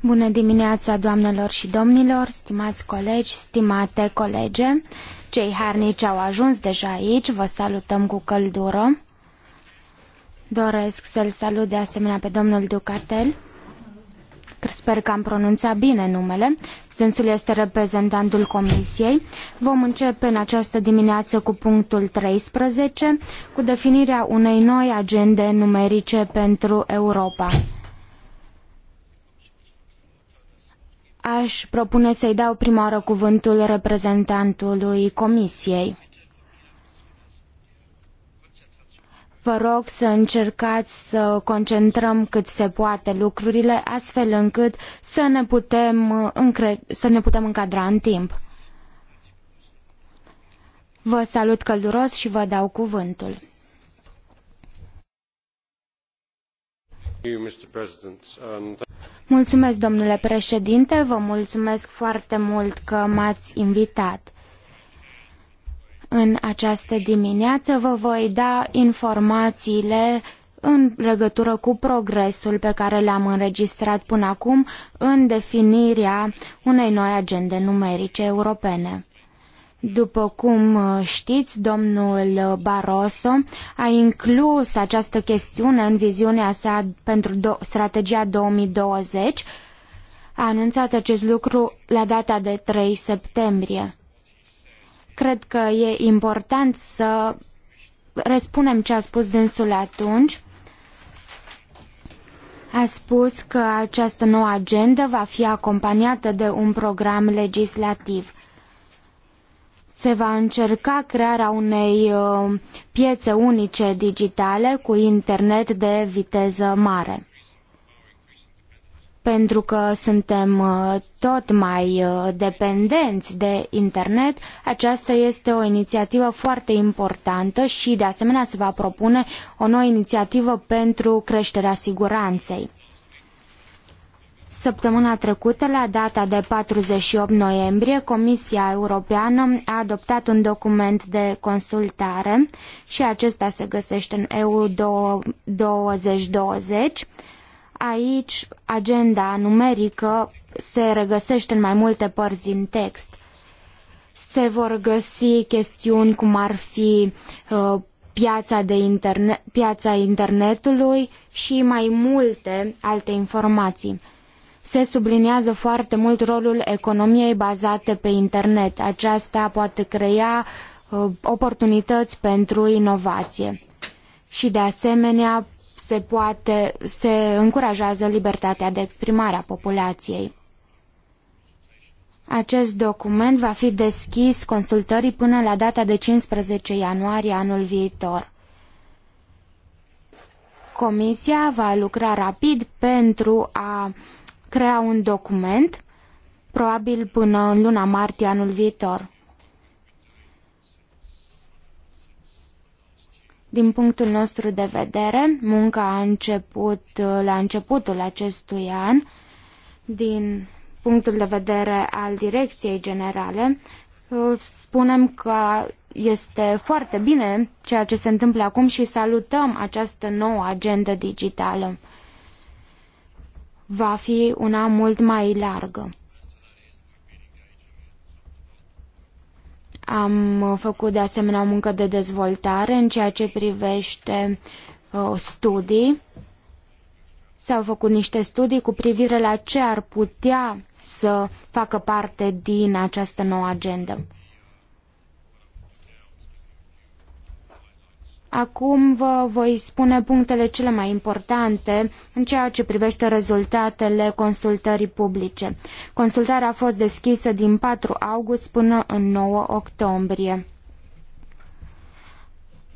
Bună dimineața, doamnelor și domnilor, stimați colegi, stimate colege. Cei harnici au ajuns deja aici, vă salutăm cu căldură. Doresc să-l salut de asemenea pe domnul Ducatel. Sper că am pronunțat bine numele, Dânsul este reprezentantul Comisiei. Vom începe în această dimineață cu punctul 13, cu definirea unei noi agende numerice pentru Europa. Aș propune să-i dau prima oară cuvântul reprezentantului Comisiei. Vă rog să încercați să concentrăm cât se poate lucrurile, astfel încât să ne putem, să ne putem încadra în timp. Vă salut călduros și vă dau cuvântul. Mulțumesc, domnule președinte, vă mulțumesc foarte mult că m-ați invitat. În această dimineață vă voi da informațiile în legătură cu progresul pe care l-am înregistrat până acum în definirea unei noi agende numerice europene. După cum uh, știți, domnul Barroso a inclus această chestiune în viziunea sa pentru strategia 2020. A anunțat acest lucru la data de 3 septembrie. Cred că e important să răspunem ce a spus dânsul atunci. A spus că această nouă agendă va fi acompaniată de un program legislativ se va încerca crearea unei uh, piețe unice digitale cu internet de viteză mare pentru că suntem uh, tot mai uh, dependenți de internet, aceasta este o inițiativă foarte importantă și de asemenea se va propune o nouă inițiativă pentru creșterea siguranței. Săptămâna trecută, la data de 48 noiembrie, Comisia Europeană a adoptat un document de consultare și acesta se găsește în EU 2020 Aici agenda numerică se regăsește în mai multe părți din text. Se vor găsi chestiuni cum ar fi uh, piața, de interne- piața internetului și mai multe alte informații. Se subliniază foarte mult rolul economiei bazate pe internet. Aceasta poate crea uh, oportunități pentru inovație. Și de asemenea se poate, se încurajează libertatea de exprimare a populației. Acest document va fi deschis consultării până la data de 15 ianuarie anul viitor. Comisia va lucra rapid pentru a crea un document, probabil până în luna martie anul viitor. Din punctul nostru de vedere, munca a început la începutul acestui an. Din punctul de vedere al Direcției Generale, uh, spunem că este foarte bine ceea ce se întâmplă acum și salutăm această nouă agendă digitală. Va fi una mult mai largă. Am făcut de asemenea o muncă de dezvoltare în ceea ce privește uh, studii. S-au făcut niște studii cu privire la ce ar putea să facă parte din această nouă agendă. Acum vă voi spune punctele cele mai importante în ceea ce privește rezultatele consultării publice. Consultarea a fost deschisă din 4 august până în 9 octombrie.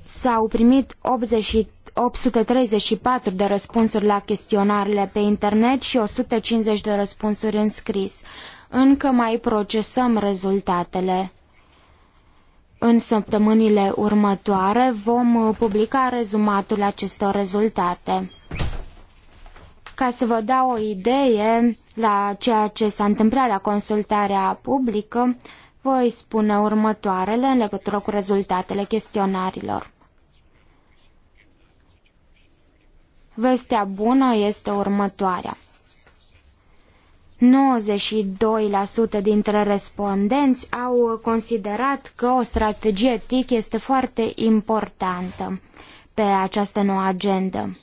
S-au primit 80, 834 de răspunsuri la chestionarele pe internet și 150 de răspunsuri în scris. Încă mai procesăm rezultatele. În săptămânile următoare vom uh, publica rezumatul acestor rezultate. Ca să vă dau o idee la ceea ce s-a întâmplat la consultarea publică, voi spune următoarele în legătură cu rezultatele chestionarilor. Vestea bună este următoarea. 92% dintre respondenți au considerat că o strategie TIC este foarte importantă pe această nouă agendă.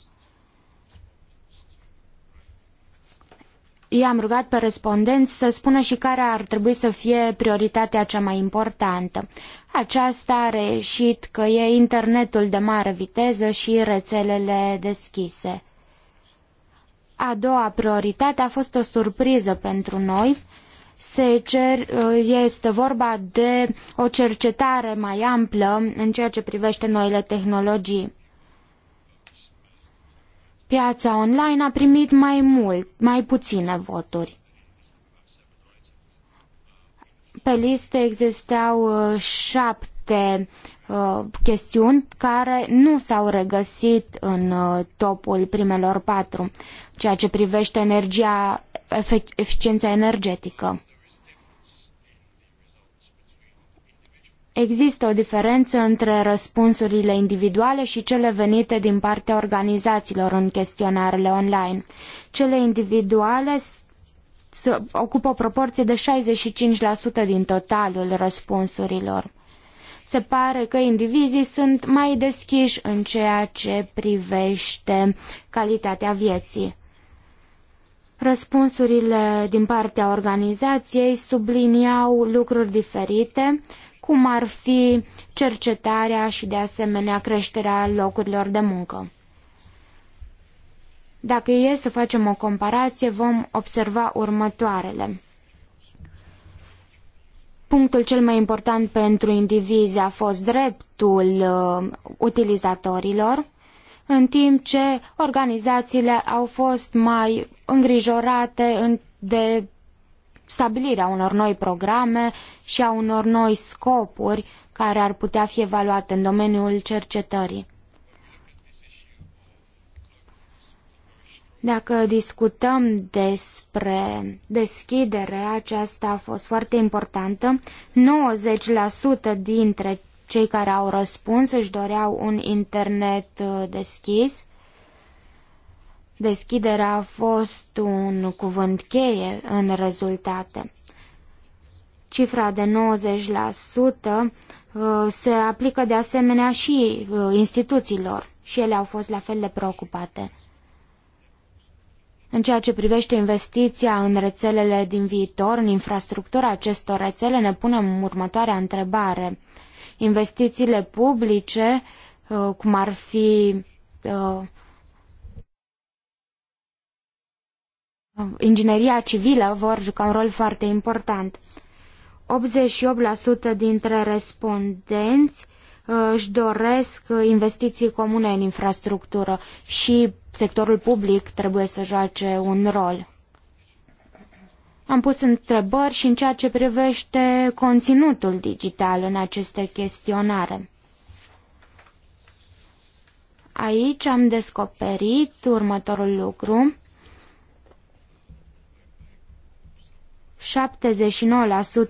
I-am rugat pe respondenți să spună și care ar trebui să fie prioritatea cea mai importantă. Aceasta a reieșit că e internetul de mare viteză și rețelele deschise. A doua prioritate a fost o surpriză pentru noi. Se cer, uh, este vorba de o cercetare mai amplă în ceea ce privește noile tehnologii. Piața online a primit mai mult, mai puține voturi. Pe listă existau uh, șapte alte uh, chestiuni care nu s-au regăsit în uh, topul primelor patru, ceea ce privește energia, eficiența energetică. Există o diferență între răspunsurile individuale și cele venite din partea organizațiilor în chestionarele online. Cele individuale ocupă o proporție de 65% din totalul răspunsurilor. Se pare că indivizii sunt mai deschiși în ceea ce privește calitatea vieții. Răspunsurile din partea organizației subliniau lucruri diferite, cum ar fi cercetarea și de asemenea creșterea locurilor de muncă. Dacă e să facem o comparație, vom observa următoarele. Punctul cel mai important pentru indivizi a fost dreptul uh, utilizatorilor, în timp ce organizațiile au fost mai îngrijorate în, de stabilirea unor noi programe și a unor noi scopuri care ar putea fi evaluate în domeniul cercetării. Dacă discutăm despre deschidere, aceasta a fost foarte importantă. 90% dintre cei care au răspuns își doreau un internet uh, deschis. Deschiderea a fost un cuvânt cheie în rezultate. Cifra de 90% uh, se aplică de asemenea și uh, instituțiilor și ele au fost la fel de preocupate. În ceea ce privește investiția în rețelele din viitor, în infrastructura acestor rețele, ne punem următoarea întrebare. Investițiile publice, uh, cum ar fi uh, ingineria civilă, vor juca un rol foarte important. 88% dintre respondenți uh, își doresc investiții comune în infrastructură și sectorul public trebuie să joace un rol. Am pus întrebări și în ceea ce privește conținutul digital în aceste chestionare. Aici am descoperit următorul lucru.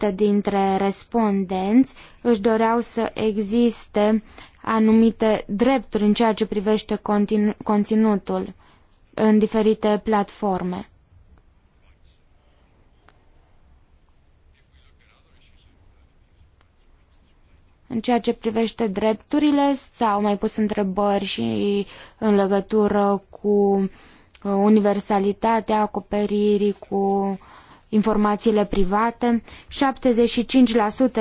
79% dintre respondenți își doreau să existe anumite drepturi în ceea ce privește conținutul în diferite platforme. În ceea ce privește drepturile, s-au mai pus întrebări și în legătură cu uh, universalitatea acoperirii, cu informațiile private,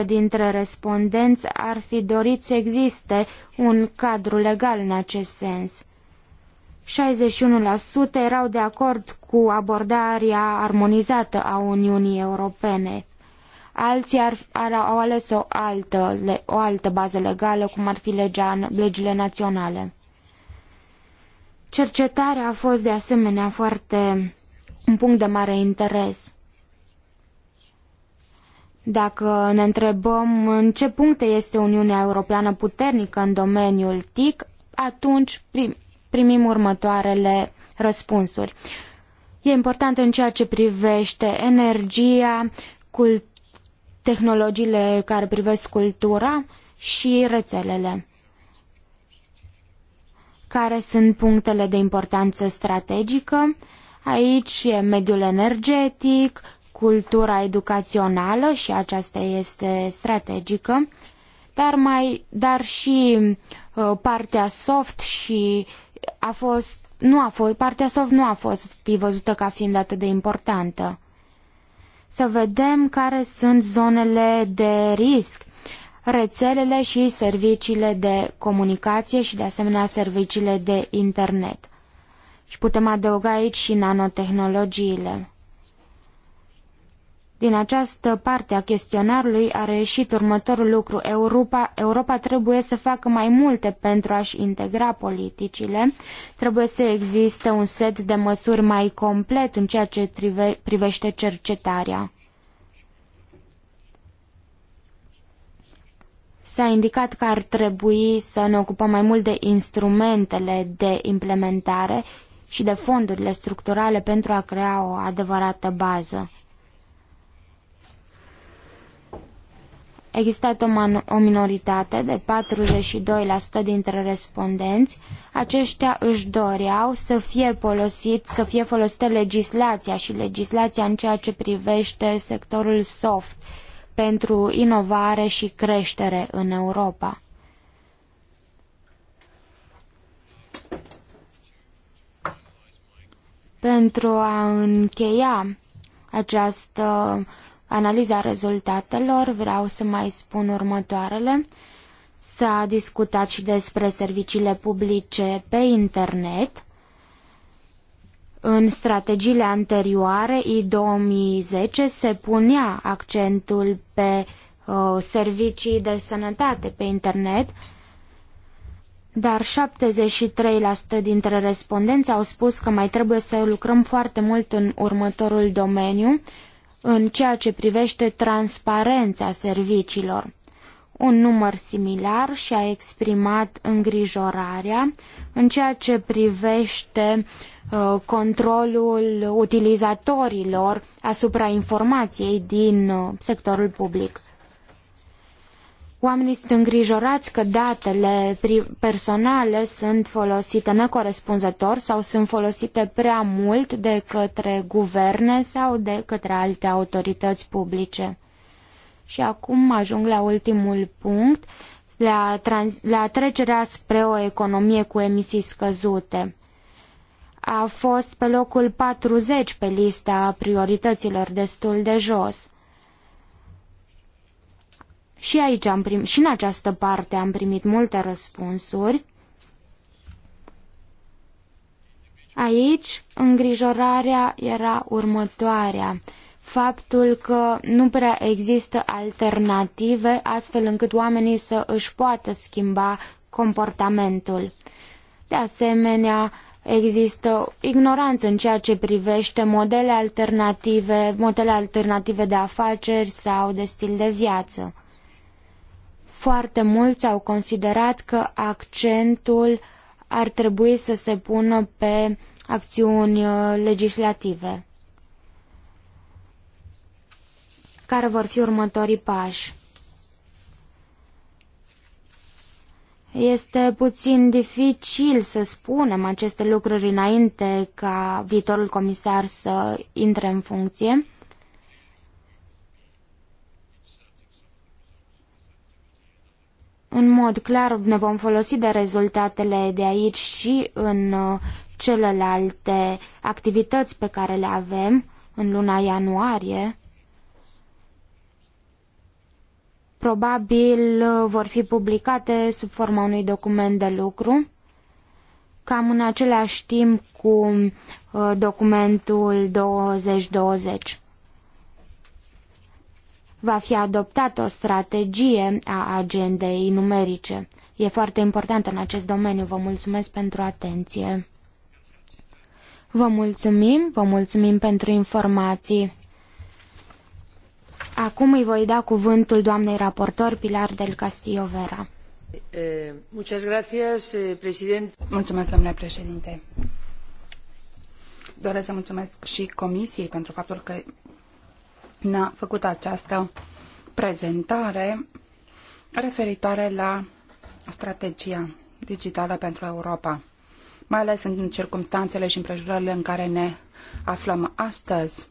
75% dintre respondenți ar fi dorit să existe un cadru legal în acest sens. 61% erau de acord cu abordarea armonizată a Uniunii Europene. Alții ar, ar, au ales o altă, le, o altă bază legală, cum ar fi legea, legile naționale. Cercetarea a fost de asemenea foarte un punct de mare interes. Dacă ne întrebăm în ce puncte este Uniunea Europeană puternică în domeniul TIC, atunci primim următoarele răspunsuri. E important în ceea ce privește energia, cult- tehnologiile care privesc cultura și rețelele. Care sunt punctele de importanță strategică? Aici e mediul energetic, cultura educațională și aceasta este strategică, dar, mai, dar și uh, partea soft și a fost, nu a fost, partea soft nu a fost văzută ca fiind atât de importantă. Să vedem care sunt zonele de risc, rețelele și serviciile de comunicație și de asemenea serviciile de internet. Și putem adăuga aici și nanotehnologiile. Din această parte a chestionarului a reieșit următorul lucru. Europa, Europa trebuie să facă mai multe pentru a-și integra politicile. Trebuie să existe un set de măsuri mai complet în ceea ce prive, privește cercetarea. S-a indicat că ar trebui să ne ocupăm mai mult de instrumentele de implementare și de fondurile structurale pentru a crea o adevărată bază. existat o, o minoritate de 42% dintre respondenți. Aceștia își doreau să fie, folosit, să fie folosită legislația și legislația în ceea ce privește sectorul soft pentru inovare și creștere în Europa. Pentru a încheia această analiza rezultatelor, vreau să mai spun următoarele. S-a discutat și despre serviciile publice pe internet. În strategiile anterioare, I-2010, se punea accentul pe uh, servicii de sănătate pe internet, dar 73% dintre respondenți au spus că mai trebuie să lucrăm foarte mult în următorul domeniu în ceea ce privește transparența serviciilor. Un număr similar și-a exprimat îngrijorarea în ceea ce privește uh, controlul utilizatorilor asupra informației din uh, sectorul public. Oamenii sunt îngrijorați că datele personale sunt folosite necorespunzător sau sunt folosite prea mult de către guverne sau de către alte autorități publice. Și acum ajung la ultimul punct, la, trans- la trecerea spre o economie cu emisii scăzute. A fost pe locul 40 pe lista priorităților destul de jos. Și aici am primit, și în această parte am primit multe răspunsuri. Aici îngrijorarea era următoarea faptul că nu prea există alternative astfel încât oamenii să își poată schimba comportamentul. De asemenea, există ignoranță în ceea ce privește modele alternative, modele alternative de afaceri sau de stil de viață. Foarte mulți au considerat că accentul ar trebui să se pună pe acțiuni uh, legislative. Care vor fi următorii pași? Este puțin dificil să spunem aceste lucruri înainte ca viitorul comisar să intre în funcție. În mod clar ne vom folosi de rezultatele de aici și în uh, celelalte activități pe care le avem în luna ianuarie. Probabil uh, vor fi publicate sub forma unui document de lucru, cam în același timp cu uh, documentul 2020 va fi adoptată o strategie a agendei numerice. E foarte important în acest domeniu. Vă mulțumesc pentru atenție. Vă mulțumim, vă mulțumim pentru informații. Acum îi voi da cuvântul doamnei raportor Pilar del Castillo Vera. Eh, eh, mulțumesc, domnule președinte. Doresc să mulțumesc și Comisiei pentru faptul că ne-a făcut această prezentare referitoare la strategia digitală pentru Europa, mai ales în circumstanțele și împrejurările în care ne aflăm astăzi,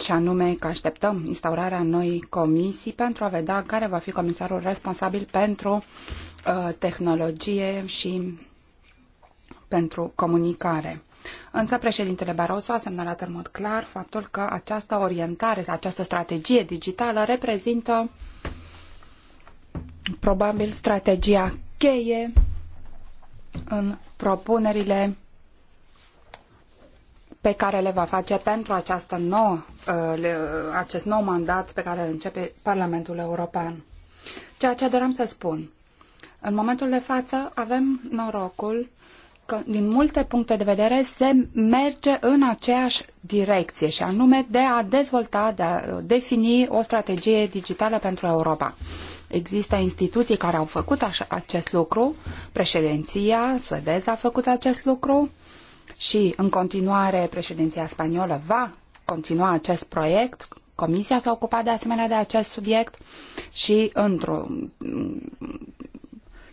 și anume că așteptăm instaurarea noii comisii pentru a vedea care va fi comisarul responsabil pentru uh, tehnologie și pentru comunicare. Însă președintele Barroso a semnalat în mod clar faptul că această orientare, această strategie digitală reprezintă probabil strategia cheie în propunerile pe care le va face pentru această nouă, uh, uh, acest nou mandat pe care îl începe Parlamentul European. Ceea ce doream să spun. În momentul de față avem norocul că, din multe puncte de vedere, se merge în aceeași direcție și anume de a dezvolta, de a uh, defini o strategie digitală pentru Europa. Există instituții care au făcut așa, acest lucru, președinția suedeză a făcut acest lucru și în continuare președinția spaniolă va continua acest proiect. Comisia s-a ocupat de asemenea de acest subiect și într-o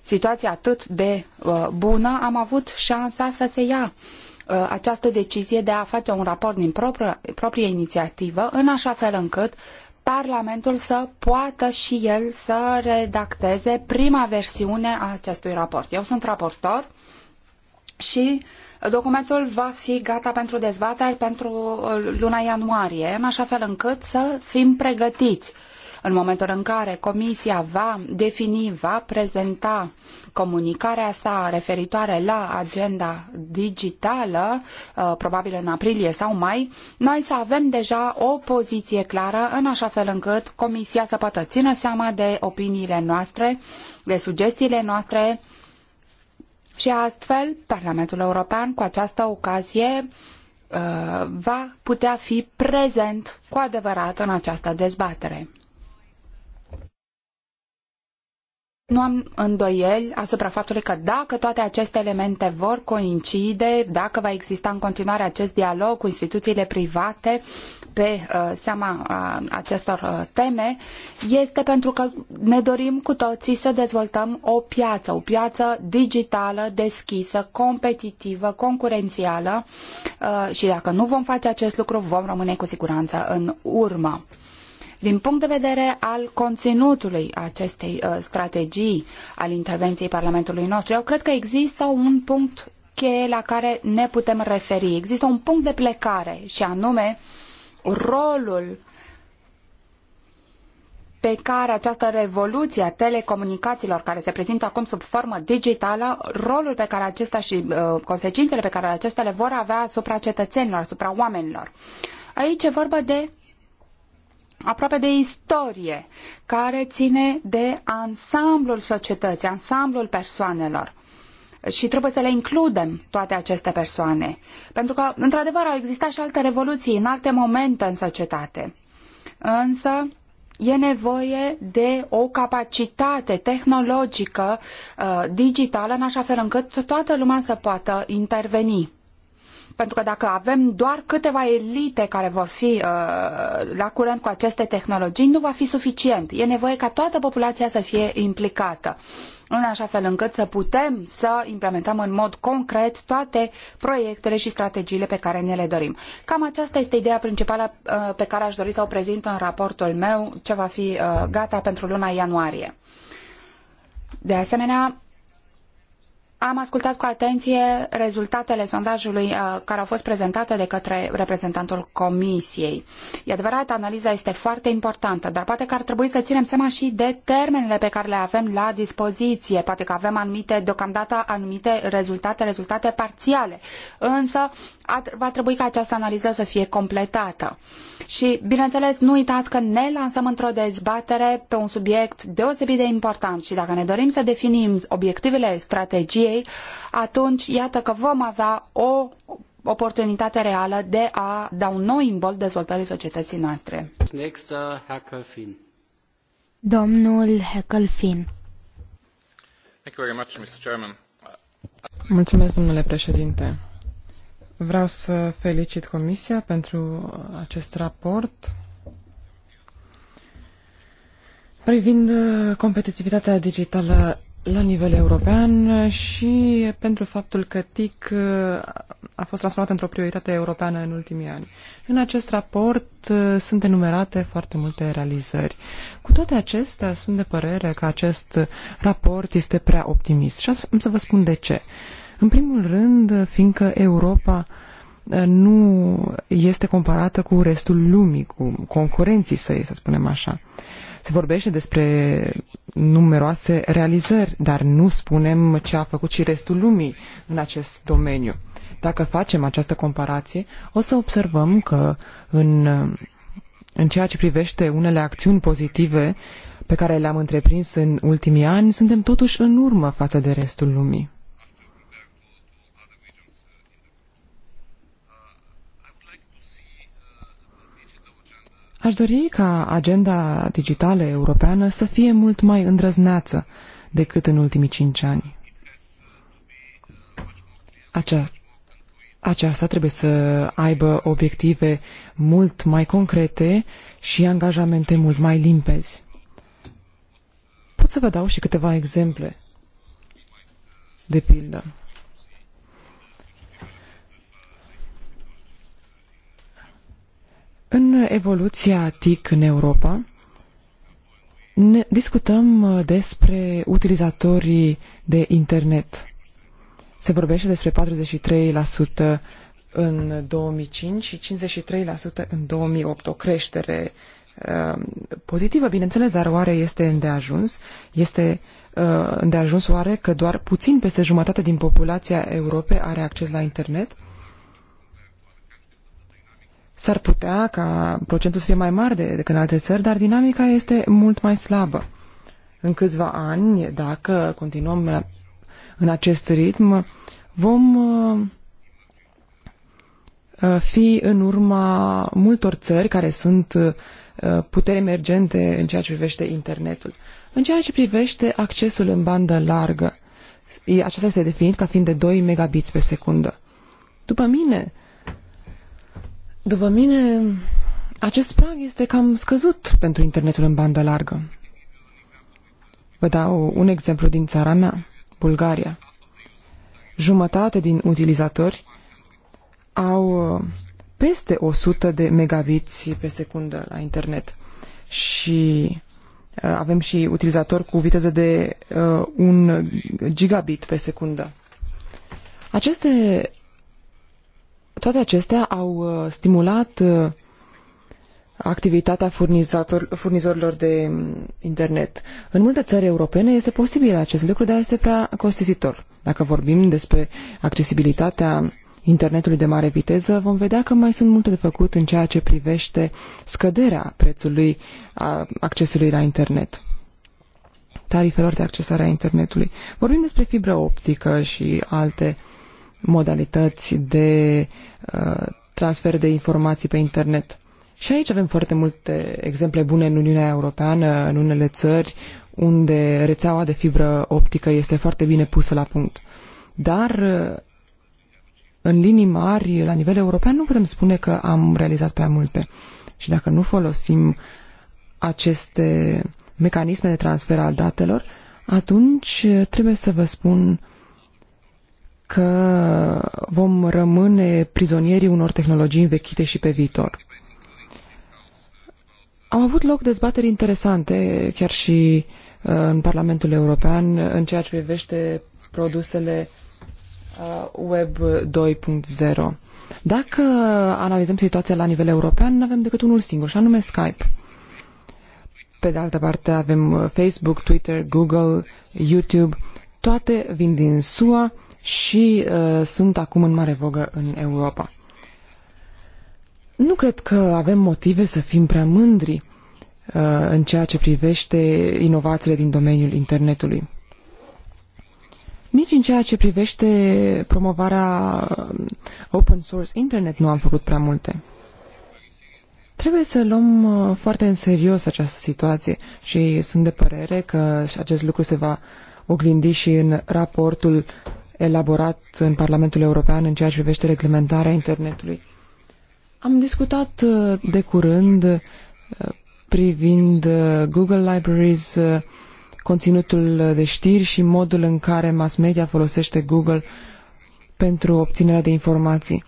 situație atât de uh, bună, am avut șansa să se ia uh, această decizie de a face un raport din proprie, proprie inițiativă, în așa fel încât Parlamentul să poată și el să redacteze prima versiune a acestui raport. Eu sunt raportor și documentul va fi gata pentru dezbateri pentru uh, luna ianuarie, în așa fel încât să fim pregătiți uh, în momentul în care Comisia va defini, va prezenta comunicarea sa referitoare la agenda digitală, uh, probabil în aprilie sau mai, noi să avem deja o poziție clară în așa fel încât Comisia să poată țină seama de opiniile noastre, de sugestiile noastre și astfel Parlamentul European cu această ocazie uh, va putea fi prezent cu adevărat în această dezbatere. Nu am îndoieli asupra faptului că dacă toate aceste elemente vor coincide, dacă va exista în continuare acest dialog cu instituțiile private pe uh, seama uh, acestor uh, teme, este pentru că ne dorim cu toții să dezvoltăm o piață, o piață digitală, deschisă, competitivă, concurențială uh, și dacă nu vom face acest lucru, vom rămâne cu siguranță în urmă. Din punct de vedere al conținutului acestei uh, strategii al intervenției Parlamentului nostru, eu cred că există un punct cheie la care ne putem referi. Există un punct de plecare și anume rolul pe care această revoluție a telecomunicațiilor care se prezintă acum sub formă digitală, rolul pe care acesta și uh, consecințele pe care acestea le vor avea asupra cetățenilor, asupra oamenilor. Aici e vorba de aproape de istorie, care ține de ansamblul societății, ansamblul persoanelor și trebuie să le includem toate aceste persoane. Pentru că, într-adevăr, au existat și alte revoluții în alte momente în societate. Însă, e nevoie de o capacitate tehnologică, uh, digitală, în așa fel încât toată lumea să poată interveni. Pentru că dacă avem doar câteva elite care vor fi uh, la curent cu aceste tehnologii, nu va fi suficient. E nevoie ca toată populația să fie implicată, în așa fel încât să putem să implementăm în mod concret toate proiectele și strategiile pe care ne le dorim. Cam aceasta este ideea principală uh, pe care aș dori să o prezint în raportul meu, ce va fi uh, gata pentru luna ianuarie. De asemenea, am ascultat cu atenție rezultatele sondajului uh, care au fost prezentate de către reprezentantul Comisiei. E adevărat, analiza este foarte importantă, dar poate că ar trebui să ținem seama și de termenele pe care le avem la dispoziție. Poate că avem anumite, deocamdată anumite rezultate, rezultate parțiale. Însă va trebui ca această analiză să fie completată. Și, bineînțeles, nu uitați că ne lansăm într-o dezbatere pe un subiect deosebit de important și dacă ne dorim să definim obiectivele strategiei, ei, atunci iată că vom avea o oportunitate reală de a da un nou imbol dezvoltării societății noastre. Uh, Domnul Heckelfin. Mulțumesc, domnule președinte. Vreau să felicit Comisia pentru acest raport privind competitivitatea digitală la nivel european și pentru faptul că TIC uh, a fost transformat într-o prioritate europeană în ultimii ani. În acest raport uh, sunt enumerate foarte multe realizări. Cu toate acestea, sunt de părere că acest raport este prea optimist și am să vă spun de ce. În primul rând, fiindcă Europa uh, nu este comparată cu restul lumii, cu concurenții săi, să spunem așa. Se vorbește despre numeroase realizări, dar nu spunem ce a făcut și restul lumii în acest domeniu. Dacă facem această comparație, o să observăm că în, în ceea ce privește unele acțiuni pozitive pe care le-am întreprins în ultimii ani, suntem totuși în urmă față de restul lumii. Aș dori ca agenda digitală europeană să fie mult mai îndrăzneață decât în ultimii cinci ani. Acea, aceasta trebuie să aibă obiective mult mai concrete și angajamente mult mai limpezi. Pot să vă dau și câteva exemple. De pildă, În evoluția TIC în Europa, ne discutăm uh, despre utilizatorii de internet. Se vorbește despre 43% în 2005 și 53% în 2008, o creștere uh, pozitivă, bineînțeles, dar oare este îndeajuns? Este uh, îndeajuns oare că doar puțin peste jumătate din populația Europei are acces la internet? S-ar putea ca procentul să fie mai mare de, decât în alte țări, dar dinamica este mult mai slabă. În câțiva ani, dacă continuăm la, în acest ritm, vom uh, uh fi în urma multor țări care sunt uh, puteri emergente în ceea ce privește internetul. În ceea ce privește accesul în bandă largă, acesta este definit ca fiind de 2 megabits pe secundă. După mine, după mine, acest prag este cam scăzut pentru internetul în bandă largă. Vă dau un exemplu din țara mea, Bulgaria. Jumătate din utilizatori au uh, peste 100 de megabiți pe secundă la internet și uh, avem și utilizatori cu viteză de 1 uh, gigabit pe secundă. Aceste toate acestea au uh, stimulat uh, activitatea furnizorilor de mm, internet. În multe țări europene este posibil acest lucru, dar este prea costisitor. Dacă vorbim despre accesibilitatea internetului de mare viteză, vom vedea că mai sunt multe de făcut în ceea ce privește scăderea prețului a accesului la internet tarifelor de accesare a internetului. Vorbim despre fibră optică și alte uh, modalități de uh, transfer de informații pe internet. Și aici avem foarte multe exemple bune în Uniunea Europeană, în unele țări, unde rețeaua de fibră optică este foarte bine pusă la punct. Dar, uh, în linii mari, la nivel european, nu putem spune că am realizat prea multe. Și dacă nu folosim aceste mecanisme de transfer al datelor, atunci uh, trebuie să vă spun că vom rămâne prizonierii unor tehnologii învechite și pe viitor. Au avut loc dezbateri interesante, chiar și uh, în Parlamentul European, în ceea ce privește produsele uh, Web 2.0. Dacă analizăm situația la nivel european, nu avem decât unul singur, și anume Skype. Pe de altă parte avem uh, Facebook, Twitter, Google, YouTube, toate vin din SUA, și uh, sunt acum în mare vogă în Europa. Nu cred că avem motive să fim prea mândri uh, în ceea ce privește inovațiile din domeniul internetului. Nici în ceea ce privește promovarea uh, open source internet nu am făcut prea multe. Trebuie să luăm uh, foarte în serios această situație și sunt de părere că acest lucru se va oglindi și în raportul elaborat în Parlamentul European în ceea ce privește reglementarea internetului. Am discutat uh, de curând uh, privind uh, Google Libraries, conținutul de știri și modul în care mass media folosește Google pentru obținerea de informații.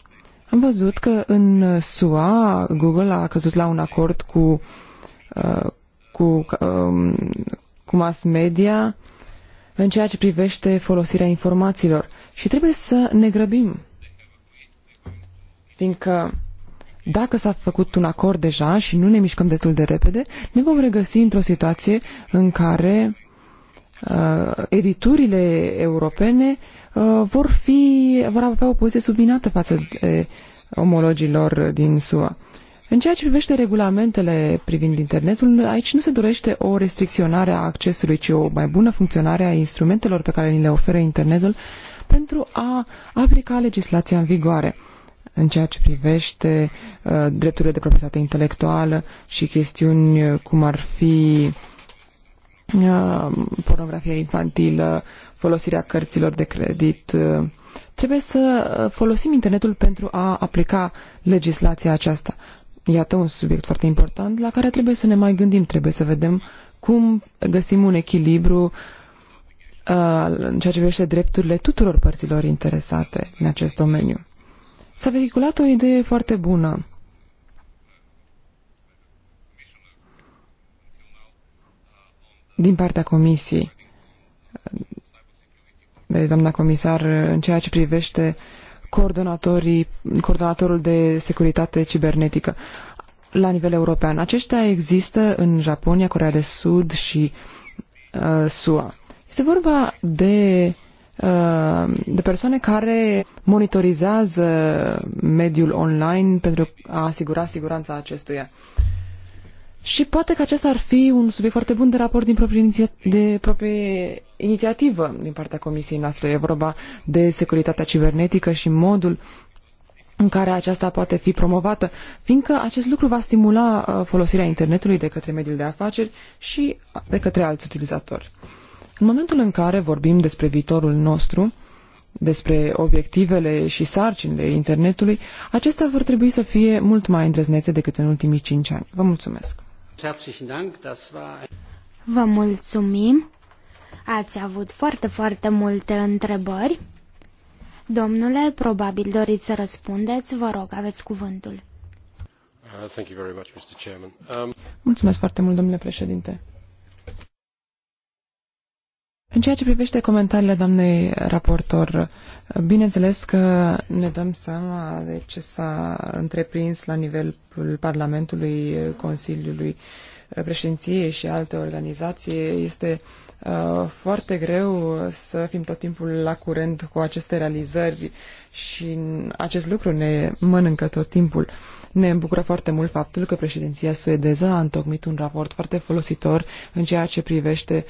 Am văzut că în SUA Google a căzut la un acord cu, cu, um, cu mass media în ceea ce privește folosirea informațiilor și trebuie să ne grăbim. Fiindcă dacă s-a făcut un acord deja și nu ne mișcăm destul de repede, ne vom regăsi într-o situație în care uh, editurile europene uh, vor fi vor avea o poziție subminată față de uh, omologilor din SUA. În ceea ce privește regulamentele privind internetul, aici nu se dorește o restricționare a accesului, ci o mai bună funcționare a instrumentelor pe care ni le oferă internetul pentru a aplica legislația în vigoare în ceea ce privește uh, drepturile de proprietate intelectuală și chestiuni uh, cum ar fi uh, pornografia infantilă, folosirea cărților de credit. Uh, trebuie să folosim internetul pentru a aplica legislația aceasta. Iată un subiect foarte important la care trebuie să ne mai gândim, trebuie să vedem cum găsim un echilibru uh, în ceea ce privește drepturile tuturor părților interesate în acest domeniu. S-a vehiculat o idee foarte bună. din partea comisiei, de doamna comisar, în ceea ce privește uh, coordonatorii, coordonatorul de securitate cibernetică la nivel european. Aceștia există în Japonia, Corea de Sud și uh, SUA. Este vorba de, uh, de persoane care monitorizează mediul online pentru a asigura siguranța acestuia. Și poate că acesta ar fi un subiect foarte bun de raport din proprie, de proprie inițiativă din partea comisiei noastre. E vorba de securitatea cibernetică și modul în care aceasta poate fi promovată, fiindcă acest lucru va stimula uh, folosirea internetului de către mediul de afaceri și uh, de către alți utilizatori. În momentul în care vorbim despre viitorul nostru, despre obiectivele și sarcinile internetului, acestea vor trebui să fie mult mai îndrăznețe decât în ultimii cinci ani. Vă mulțumesc! Vă mulțumim! Ați avut foarte, foarte multe întrebări. Domnule, probabil doriți să răspundeți. Vă rog, aveți cuvântul. Uh, thank you very much, Mr. Chairman. Um... Mulțumesc foarte mult, domnule președinte. În ceea ce privește comentariile doamnei raportor, bineînțeles că ne dăm seama de ce s-a întreprins la nivelul Parlamentului, Consiliului, președinției și alte organizații. Este uh, Uh, foarte greu să fim tot timpul la curent cu aceste realizări și acest lucru ne mănâncă tot timpul. Ne bucură foarte mult faptul că președinția suedeză a întocmit un raport foarte folositor în ceea ce privește uh,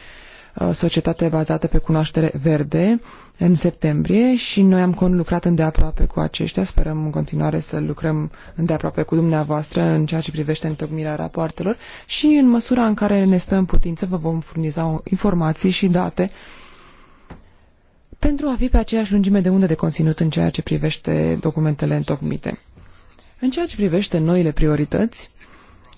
Uh, societate bazată pe cunoaștere verde în septembrie și noi am lucrat îndeaproape cu aceștia. Sperăm în continuare să lucrăm îndeaproape cu dumneavoastră în ceea ce privește întocmirea rapoartelor și în măsura în care ne stă în putință vă vom furniza informații și date pentru a fi pe aceeași lungime de undă de conținut în ceea ce privește documentele întocmite. În ceea ce privește noile priorități,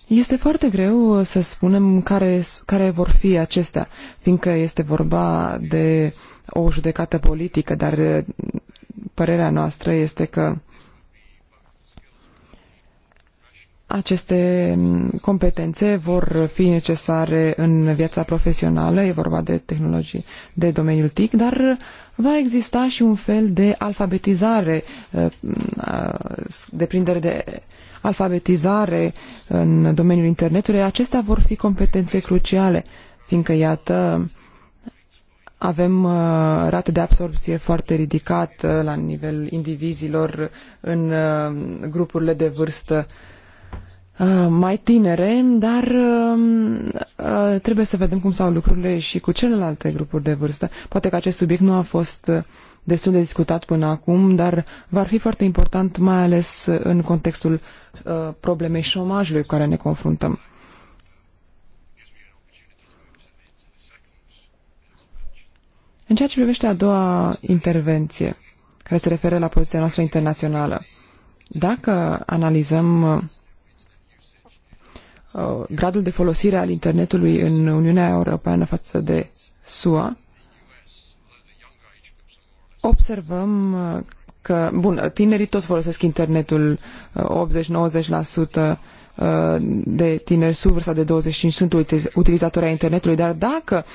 este foarte greu uh, să spunem care, care vor fi acestea, fiindcă este vorba de o judecată politică, dar uh, părerea noastră este că aceste mm, competențe vor fi necesare în viața profesională, e vorba de tehnologii de domeniul TIC, dar uh, va exista și un fel de alfabetizare, deprindere mm, de alfabetizare în domeniul internetului, acestea vor fi competențe cruciale, fiindcă, iată, avem uh, rate de absorpție foarte ridicată uh, la nivelul indivizilor în uh, grupurile de vârstă uh, Ah, mai tinere, dar um, ah, trebuie să vedem cum stau lucrurile și cu celelalte grupuri de vârstă. Poate că acest subiect nu a fost uh, destul de discutat până acum, dar va fi foarte important, mai ales în contextul uh, problemei șomajului cu care ne confruntăm. În ceea ce privește a doua intervenție, care se referă la poziția noastră internațională, dacă analizăm uh, Uh, gradul de folosire al internetului în Uniunea Europeană față de SUA, observăm uh, că, bun, tinerii toți folosesc internetul, 80-90% uh, de tineri sub vârsta de 25 sunt utilizatori ai internetului, dar dacă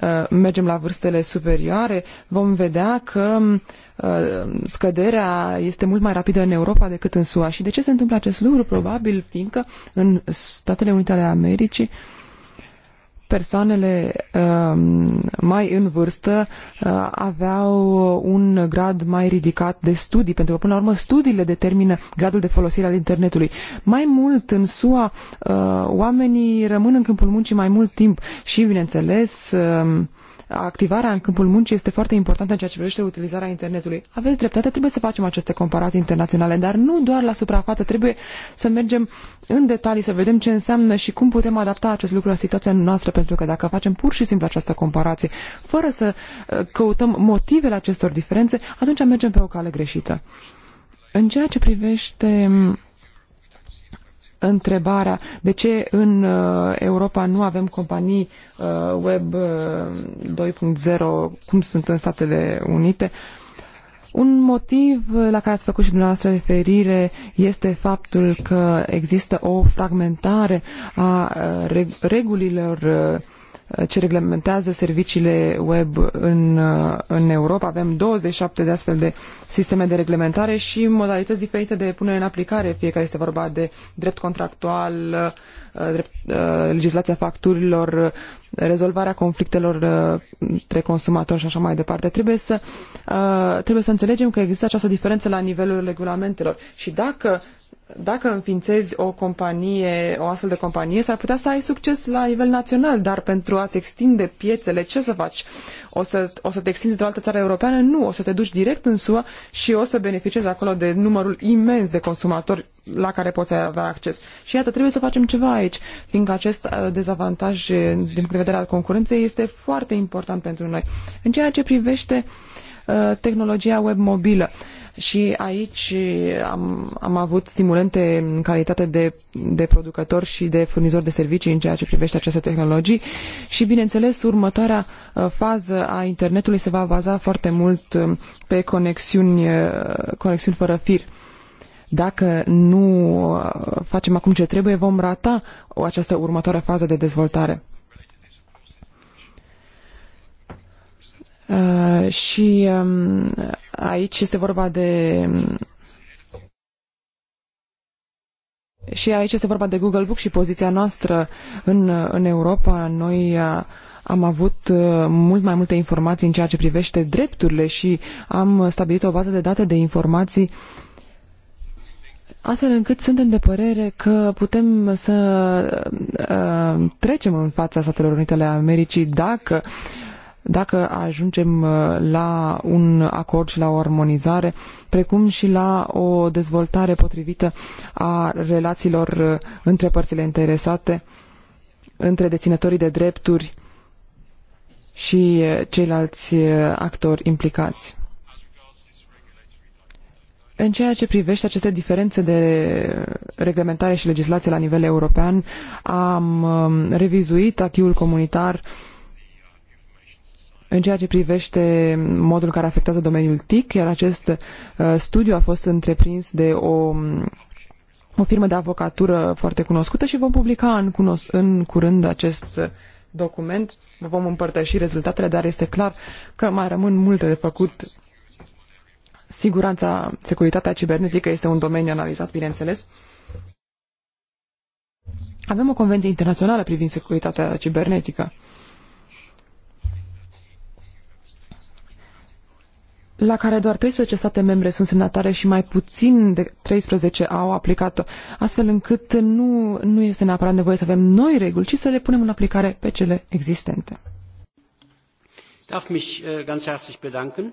Uh, mergem la vârstele superioare, vom vedea că uh, scăderea este mult mai rapidă în Europa decât în SUA. Și de ce se întâmplă acest lucru? Probabil fiindcă în Statele Unite ale Americii uh, persoanele ehm, mai în vârstă eh, aveau un grad mai ridicat de studii, pentru că până la urmă studiile determină gradul de folosire al internetului. Mai mult în SUA, eh, oamenii rămân în câmpul muncii mai mult timp și, bineînțeles, ehm, activarea în câmpul muncii este foarte importantă în ceea ce privește utilizarea internetului. Aveți dreptate, trebuie să facem aceste comparații internaționale, dar nu doar la suprafață, trebuie să mergem în detalii, să vedem ce înseamnă și cum putem adapta acest lucru la situația noastră, pentru că dacă facem pur și simplu această comparație, fără să uh, căutăm motivele acestor diferențe, atunci mergem pe o cale greșită. În ceea ce privește um, întrebarea de ce în uh, Europa nu avem companii uh, web 2.0 uh, cum sunt în Statele Unite. Un motiv la care ați făcut și dumneavoastră referire este faptul că există o fragmentare a regulilor ce reglementează serviciile web în, în Europa. Avem 27 de astfel de sisteme de reglementare și modalități diferite de punere în aplicare, fie că este vorba de drept contractual, uh, drept, uh, legislația facturilor, uh, rezolvarea conflictelor între consumatori și așa mai departe. Trebuie să, trebuie să înțelegem că există această diferență la nivelul regulamentelor și dacă dacă înființezi o companie, o astfel de companie, s-ar putea să ai succes la nivel național, dar pentru a-ți extinde piețele, ce să faci? O să, o să te extinzi într-o altă țară europeană? Nu, o să te duci direct în SUA și o să beneficiezi acolo de numărul imens de consumatori la care poți avea acces. Și iată, trebuie să facem ceva aici, fiindcă acest uh, dezavantaj din punct de vedere al concurenței este foarte important pentru noi. În ceea ce privește uh, tehnologia web mobilă, uh, și aici am, am avut stimulente în calitate de, de producător și de furnizor de servicii în ceea ce privește aceste tehnologii și, bineînțeles, următoarea uh, fază a internetului se va baza foarte mult um, pe conexiuni, uh, conexiuni fără fir dacă nu uh, facem acum ce trebuie, vom rata această următoare fază de dezvoltare. Uh, și um, Aici este vorba de și aici este vorba de Google Book și poziția noastră în, în Europa. Noi uh, am avut uh, mult mai multe informații în ceea ce privește drepturile și am stabilit o bază de date de informații astfel încât suntem de părere că putem să uh, trecem în fața Statelor Unite ale Americii dacă uh, dacă ajungem uh, la un acord și la o armonizare, precum și la o dezvoltare potrivită a relațiilor uh, între părțile interesate, între deținătorii de drepturi și uh, ceilalți actori implicați. În ceea ce privește aceste diferențe de reglementare și legislație la nivel european, am um, revizuit achiul comunitar uh, în ceea ce privește modul în care afectează domeniul TIC, iar acest uh, studiu a fost întreprins de o o firmă de avocatură foarte cunoscută și vom publica în, cunos- în curând acest document. Vom împărtăși rezultatele, dar este clar că mai rămân multe de făcut. Siguranța, securitatea cibernetică este un domeniu analizat, bineînțeles. Avem o convenție internațională privind securitatea cibernetică. la care doar 13 state membre sunt semnatare și mai puțin de 13 au aplicat-o, astfel încât nu, nu este neapărat nevoie să avem noi reguli, ci să le punem în aplicare pe cele existente. Darf mich äh, ganz herzlich bedanken.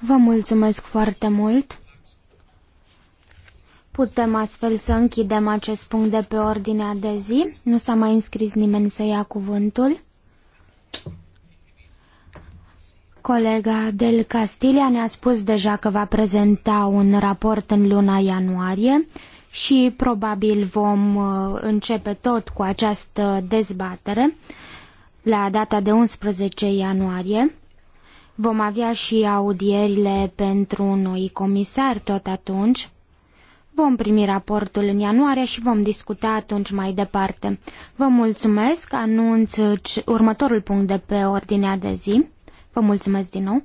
Vă mulțumesc foarte mult. Putem astfel să închidem acest punct de pe ordinea de zi. Nu s-a mai înscris nimeni să ia cuvântul. Colega del Castilia ne-a spus deja că va prezenta un raport în luna ianuarie și probabil vom uh, începe tot cu această dezbatere la data de 11 ianuarie. Vom avea și audierile pentru noi comisari tot atunci. Vom primi raportul în ianuarie și vom discuta atunci mai departe. Vă mulțumesc, anunț următorul punct de pe ordinea de zi. Vă mulțumesc din nou.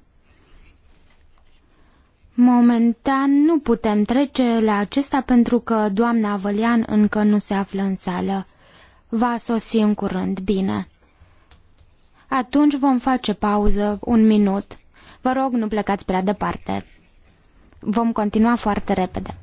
Momentan nu putem trece la acesta pentru că doamna Avălian încă nu se află în sală. Va sosi în curând, bine. Atunci vom face pauză, un minut. Vă rog, nu plecați prea departe. Vom continua foarte repede.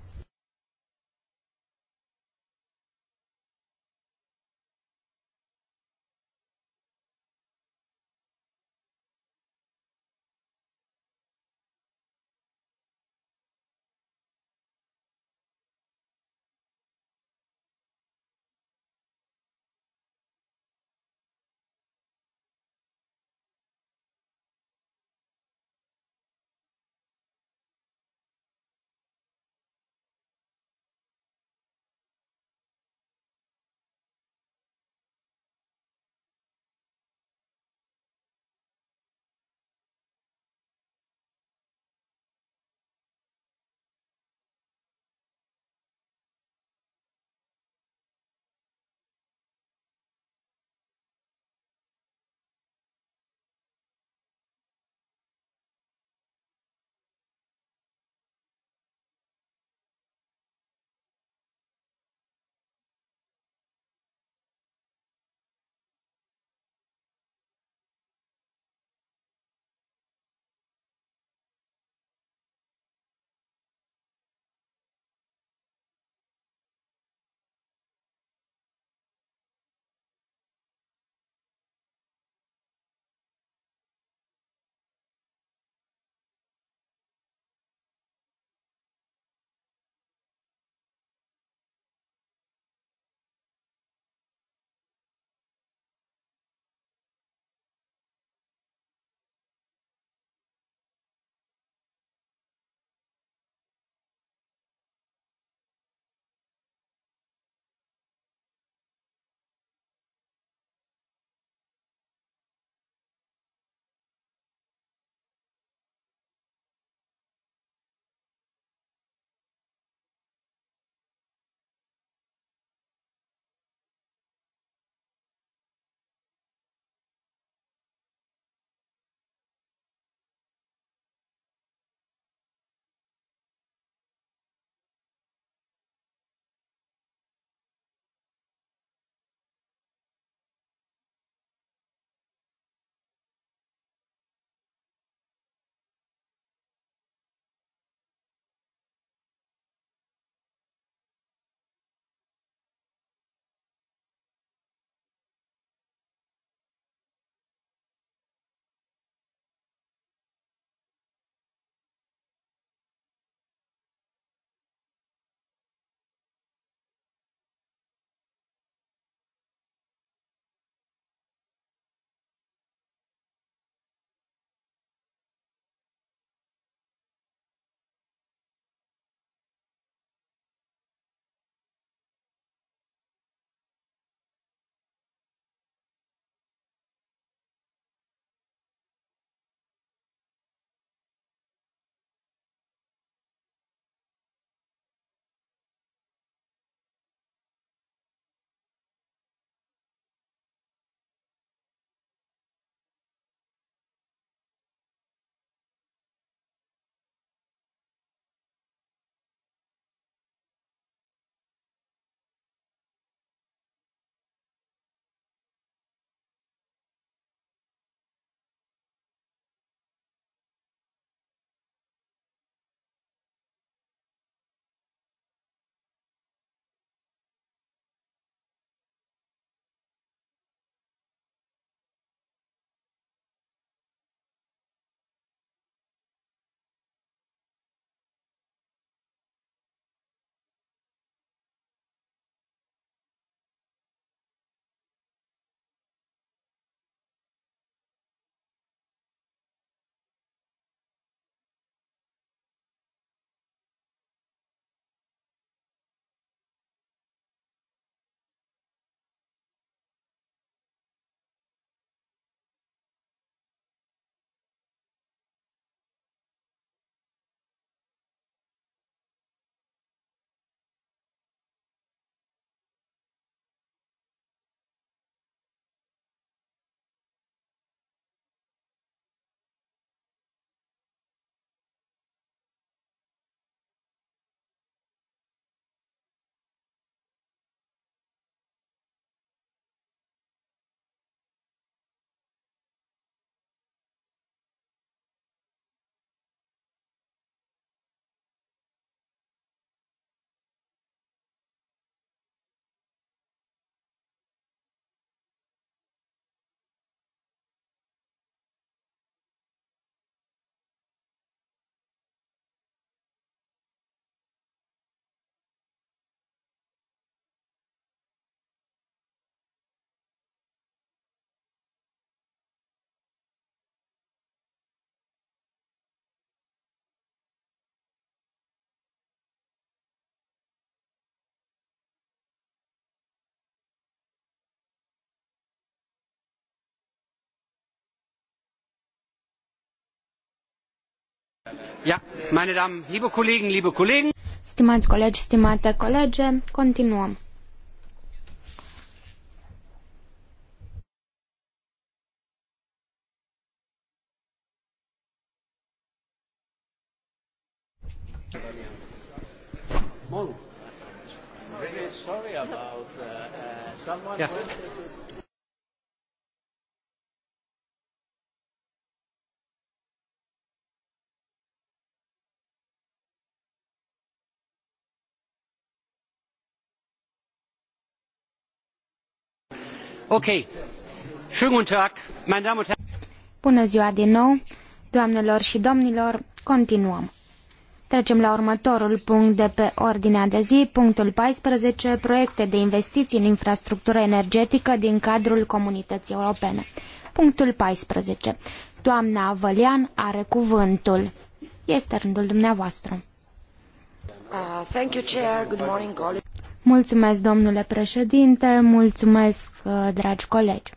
meine Damen, liebe Kollegen, liebe Kollegen. Stimați colegi, stimate colege, continuăm. Uh, uh, yes. Bună ziua din nou, doamnelor și domnilor, continuăm. Trecem la următorul punct de pe ordinea de zi, punctul 14, proiecte de investiții în infrastructură energetică din cadrul comunității europene. Punctul 14. Doamna Avălian are cuvântul. Este rândul dumneavoastră. Uh, thank you, Chair. Good morning, colleagues. Mulțumesc, domnule președinte, mulțumesc, uh, dragi colegi.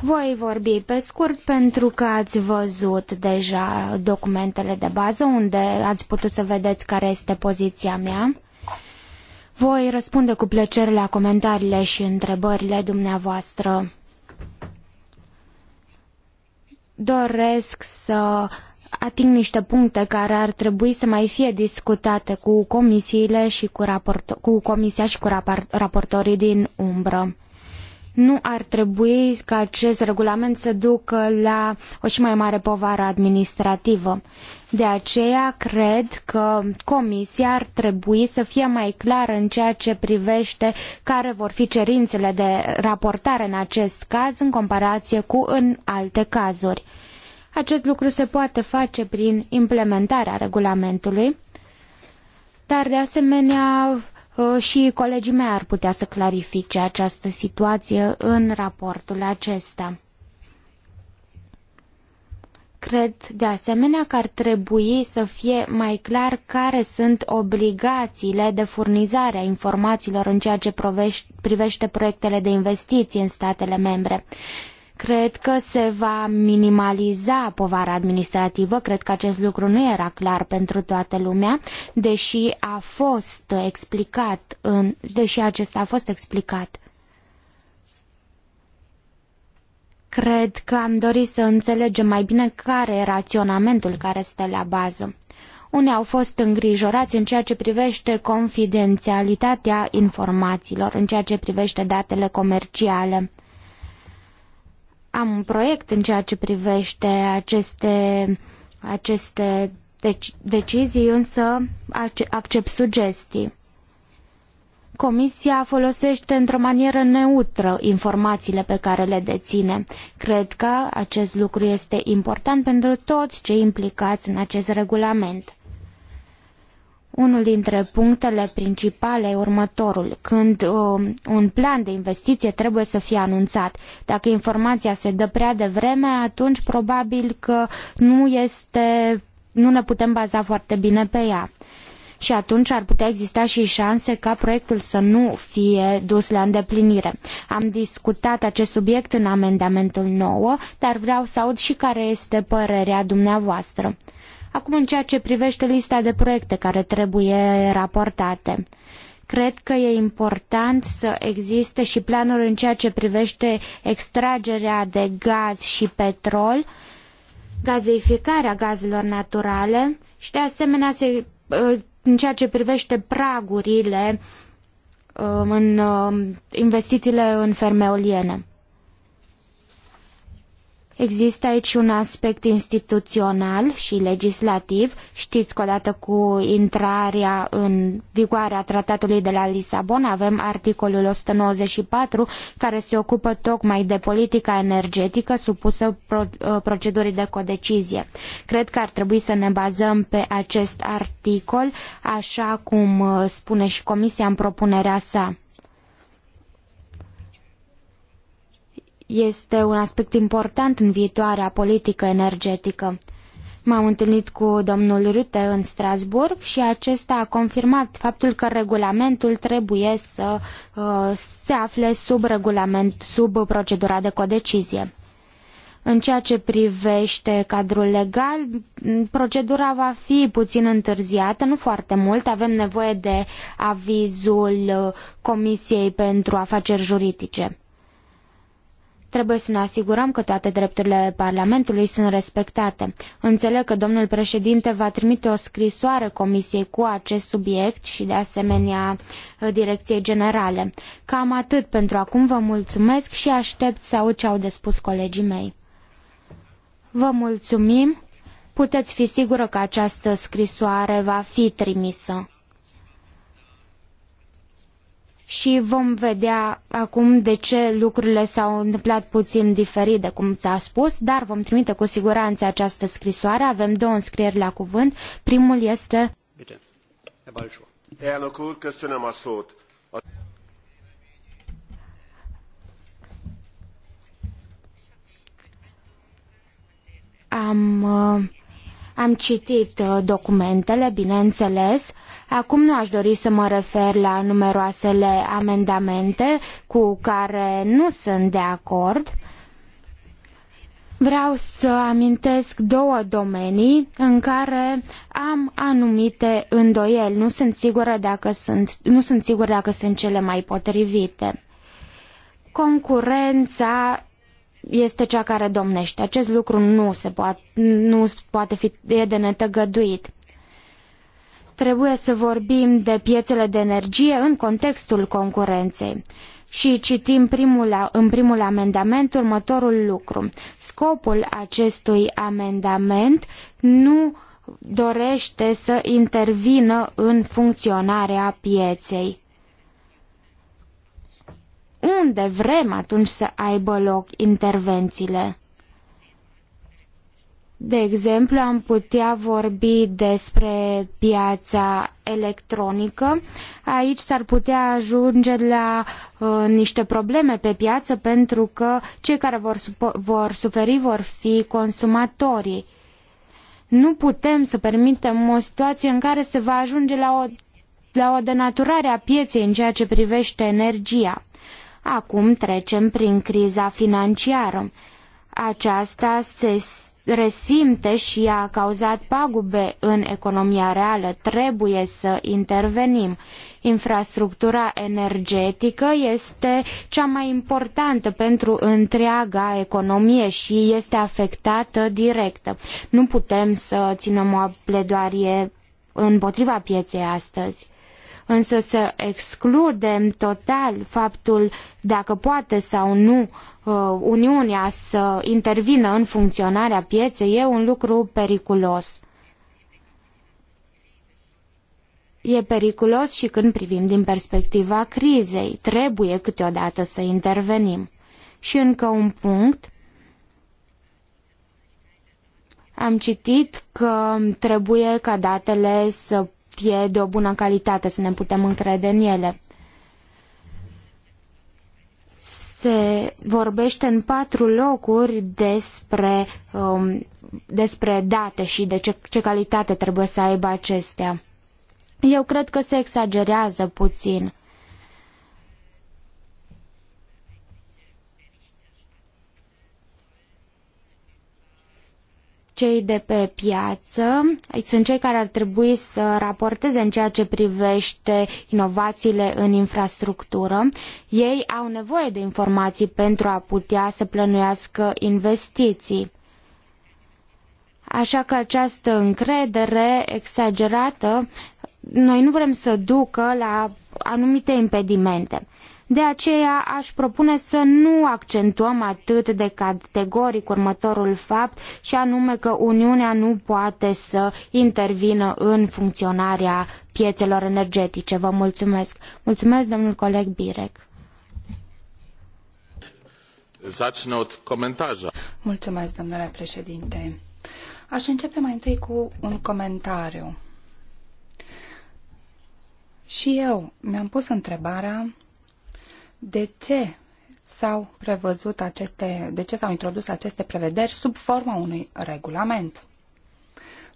Voi vorbi pe scurt pentru că ați văzut deja documentele de bază unde ați putut să vedeți care este poziția mea. Voi răspunde cu plăcere la comentariile și întrebările dumneavoastră doresc să ating niște puncte care ar trebui să mai fie discutate cu comisiile și cu, raport- cu comisia și cu raportorii din umbră. Nu ar trebui ca acest regulament să ducă la o și mai mare povară administrativă. De aceea cred că comisia ar trebui să fie mai clară în ceea ce privește care vor fi cerințele de raportare în acest caz în comparație cu în alte cazuri. Acest lucru se poate face prin implementarea regulamentului, dar de asemenea uh, și colegii mei ar putea să clarifice această situație în raportul acesta. Cred de asemenea că ar trebui să fie mai clar care sunt obligațiile de furnizare a informațiilor în ceea ce privește proiectele de investiții în statele membre. Cred că se va minimaliza povara administrativă, cred că acest lucru nu era clar pentru toată lumea, deși a fost explicat, în, deși acesta a fost explicat. Cred că am dorit să înțelegem mai bine care e raționamentul care stă la bază. Unii au fost îngrijorați în ceea ce privește confidențialitatea informațiilor, în ceea ce privește datele comerciale am un proiect în ceea ce privește aceste, aceste deci, decizii, însă accept sugestii. Comisia folosește într-o manieră neutră informațiile pe care le deține. Cred că acest lucru este important pentru toți cei implicați în acest regulament. Unul dintre punctele principale e următorul. Când uh, un plan de investiție trebuie să fie anunțat, dacă informația se dă prea devreme, atunci probabil că nu este nu ne putem baza foarte bine pe ea. Și atunci ar putea exista și șanse ca proiectul să nu fie dus la îndeplinire. Am discutat acest subiect în amendamentul 9, dar vreau să aud și care este părerea dumneavoastră. Acum, în ceea ce privește lista de proiecte care trebuie raportate, cred că e important să existe și planuri în ceea ce privește extragerea de gaz și petrol, gazeificarea gazelor naturale și, de asemenea, se, în ceea ce privește pragurile în um, investițiile în ferme oliene. Există aici un aspect instituțional și legislativ. Știți că odată cu intrarea în vigoare a tratatului de la Lisabona avem articolul 194 care se ocupă tocmai de politica energetică supusă uh, procedurii de codecizie. Cred că ar trebui să ne bazăm pe acest articol, așa cum uh, spune și Comisia în propunerea sa. este un aspect important în viitoarea politică energetică. M-am întâlnit cu domnul Rute în Strasbourg și acesta a confirmat faptul că regulamentul trebuie să uh, se afle sub regulament, sub procedura de codecizie. În ceea ce privește cadrul legal, procedura va fi puțin întârziată, nu foarte mult. Avem nevoie de avizul uh, Comisiei pentru Afaceri Juridice. Trebuie să ne asigurăm că toate drepturile Parlamentului sunt respectate. Înțeleg că domnul președinte va trimite o scrisoare Comisiei cu acest subiect și de asemenea Direcției Generale. Cam atât pentru acum, vă mulțumesc și aștept să aud ce au de spus colegii mei. Vă mulțumim. Puteți fi sigură că această scrisoare va fi trimisă și vom vedea acum de ce lucrurile s-au întâmplat puțin diferit de cum ți-a spus, dar vom trimite cu siguranță această scrisoare. Avem două înscrieri la cuvânt. Primul este... Bine. Am, uh, am citit uh, documentele, bineînțeles, Acum nu aș dori să mă refer la numeroasele amendamente cu care nu sunt de acord. Vreau să amintesc două domenii în care am anumite îndoieli. Nu sunt sigură dacă sunt, nu sunt sigură dacă sunt cele mai potrivite. Concurența este cea care domnește. Acest lucru nu se poate, nu poate fi e de netăgăduit. Trebuie să vorbim de piețele de energie în contextul concurenței. Și citim primul, în primul amendament următorul lucru. Scopul acestui amendament nu dorește să intervină în funcționarea pieței unde vrem atunci să aibă loc intervențiile. De exemplu, am putea vorbi despre piața electronică. Aici s-ar putea ajunge la uh, niște probleme pe piață pentru că cei care vor, vor suferi vor fi consumatorii. Nu putem să permitem o situație în care se va ajunge la o, la o denaturare a pieței în ceea ce privește energia. Acum trecem prin criza financiară aceasta se resimte și a cauzat pagube în economia reală. Trebuie să intervenim. Infrastructura energetică este cea mai importantă pentru întreaga economie și este afectată direct. Nu putem să ținem o pledoarie împotriva pieței astăzi însă să excludem total faptul dacă poate sau nu uh, Uniunea să intervină în funcționarea pieței e un lucru periculos. E periculos și când privim din perspectiva crizei. Trebuie câteodată să intervenim. Și încă un punct. Am citit că trebuie ca datele să fie de o bună calitate, să ne putem încrede în ele. Se vorbește în patru locuri despre, um, despre date și de ce, ce calitate trebuie să aibă acestea. Eu cred că se exagerează puțin. cei de pe piață sunt cei care ar trebui să raporteze în ceea ce privește inovațiile în infrastructură. Ei au nevoie de informații pentru a putea să plănuiască investiții. Așa că această încredere exagerată noi nu vrem să ducă la anumite impedimente. De aceea aș propune să nu accentuăm atât de categoric următorul fapt și anume că Uniunea nu poate să intervină în funcționarea piețelor energetice. Vă mulțumesc. Mulțumesc, domnul coleg Birec. Mulțumesc, domnule președinte. Aș începe mai întâi cu un comentariu. Și eu mi-am pus întrebarea de ce s-au prevăzut aceste, de ce s-au introdus aceste prevederi sub forma unui regulament.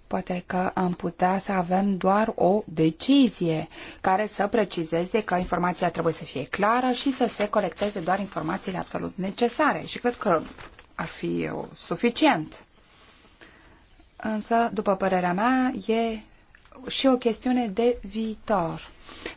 Poate că am putea să avem doar o decizie care să precizeze că informația trebuie să fie clară și să se colecteze doar informațiile absolut necesare. Și cred că ar fi uh, suficient. Însă, după părerea mea, e și o chestiune de viitor.